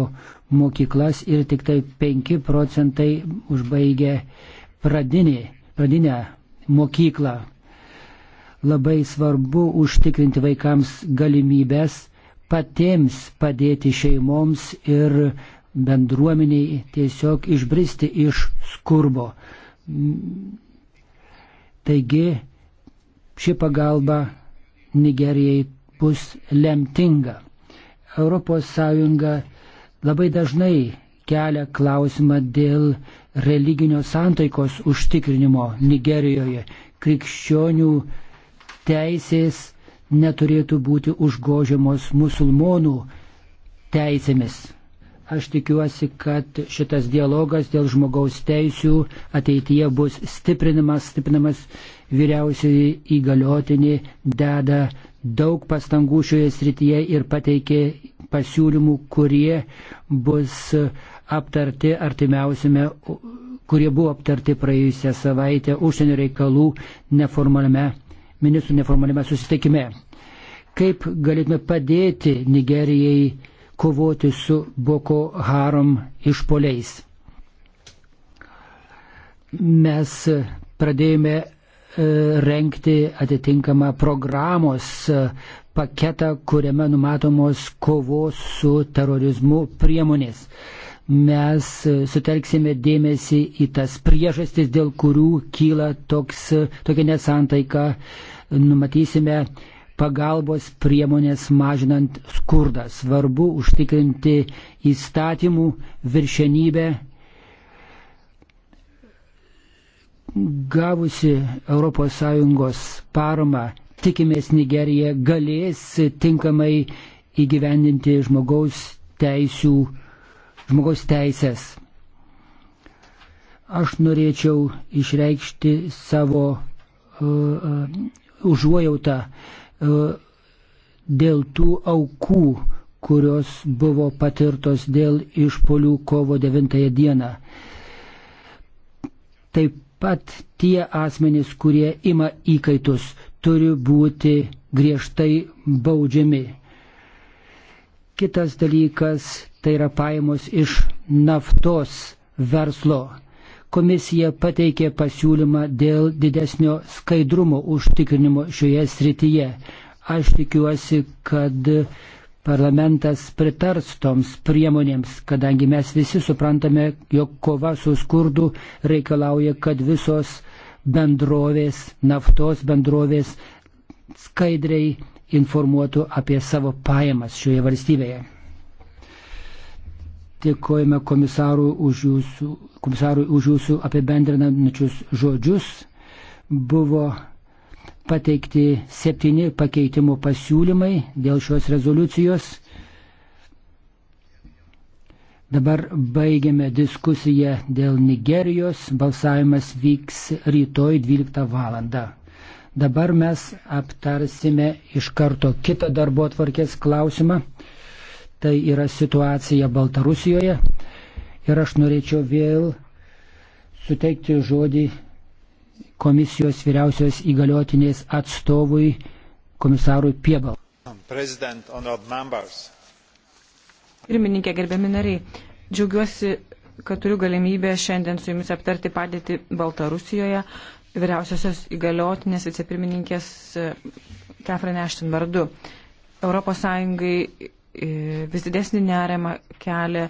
mokyklas ir tik tai 5 procentai užbaigia pradinį, pradinę mokyklą. Labai svarbu užtikrinti vaikams galimybės patiems padėti šeimoms ir bendruomeniai tiesiog išbristi iš skurbo. Taigi ši pagalba Nigerijai bus lemtinga. ES labai dažnai kelia klausimą dėl religinio santaikos užtikrinimo Nigerijoje. Krikščionių teisės neturėtų būti užgožiamos musulmonų teisėmis. Aš tikiuosi, kad šitas dialogas dėl žmogaus teisių ateityje bus stiprinamas, stiprinamas vyriausiai įgaliotinį deda daug pastangų šioje srityje ir pateikė pasiūlymų, kurie bus aptarti artimiausiame, kurie buvo aptarti praėjusią savaitę užsienio reikalų neformaliame, ministrų neformaliame susitikime. Kaip galėtume padėti Nigerijai kovoti su Boko Haram išpoliais? Mes pradėjome renkti atitinkamą programos paketą, kuriame numatomos kovos su terorizmu priemonės. Mes sutelksime dėmesį į tas priežastis, dėl kurių kyla toks, tokia nesantaika. Numatysime pagalbos priemonės mažinant skurdą. Svarbu užtikrinti įstatymų viršenybę gavusi ES paramą, tikimės Nigerija galės tinkamai įgyvendinti žmogaus teisių, žmogaus teisės. Aš norėčiau išreikšti savo uh, uh, užuojautą uh, dėl tų aukų, kurios buvo patirtos dėl išpolių kovo 9 dieną. Taip pat tie asmenys, kurie ima įkaitus, turi būti griežtai baudžiami. Kitas dalykas tai yra pajamos iš naftos verslo. Komisija pateikė pasiūlymą dėl didesnio skaidrumo užtikrinimo šioje srityje. Aš tikiuosi, kad parlamentas pritars toms priemonėms, kadangi mes visi suprantame, jog kova su skurdu reikalauja, kad visos bendrovės, naftos bendrovės skaidriai informuotų apie savo pajamas šioje valstybėje. Dėkojame komisarui už jūsų, komisarui už jūsų apibendrinančius žodžius. Buvo pateikti septyni pakeitimų pasiūlymai dėl šios rezoliucijos. Dabar baigiame diskusiją dėl Nigerijos. Balsavimas vyks rytoj 12 val. Dabar mes aptarsime iš karto kitą darbo atvarkės klausimą. Tai yra situacija Baltarusijoje. Ir aš norėčiau vėl suteikti žodį komisijos vyriausios įgaliotinės atstovui komisarui Piebal. Pirmininkė, gerbiami nariai, džiaugiuosi, kad turiu galimybę šiandien su jumis aptarti padėtį Baltarusijoje vyriausiosios įgaliotinės vicepirmininkės e, Catherine Ashton vardu. ES e, vis didesnį nerimą kelia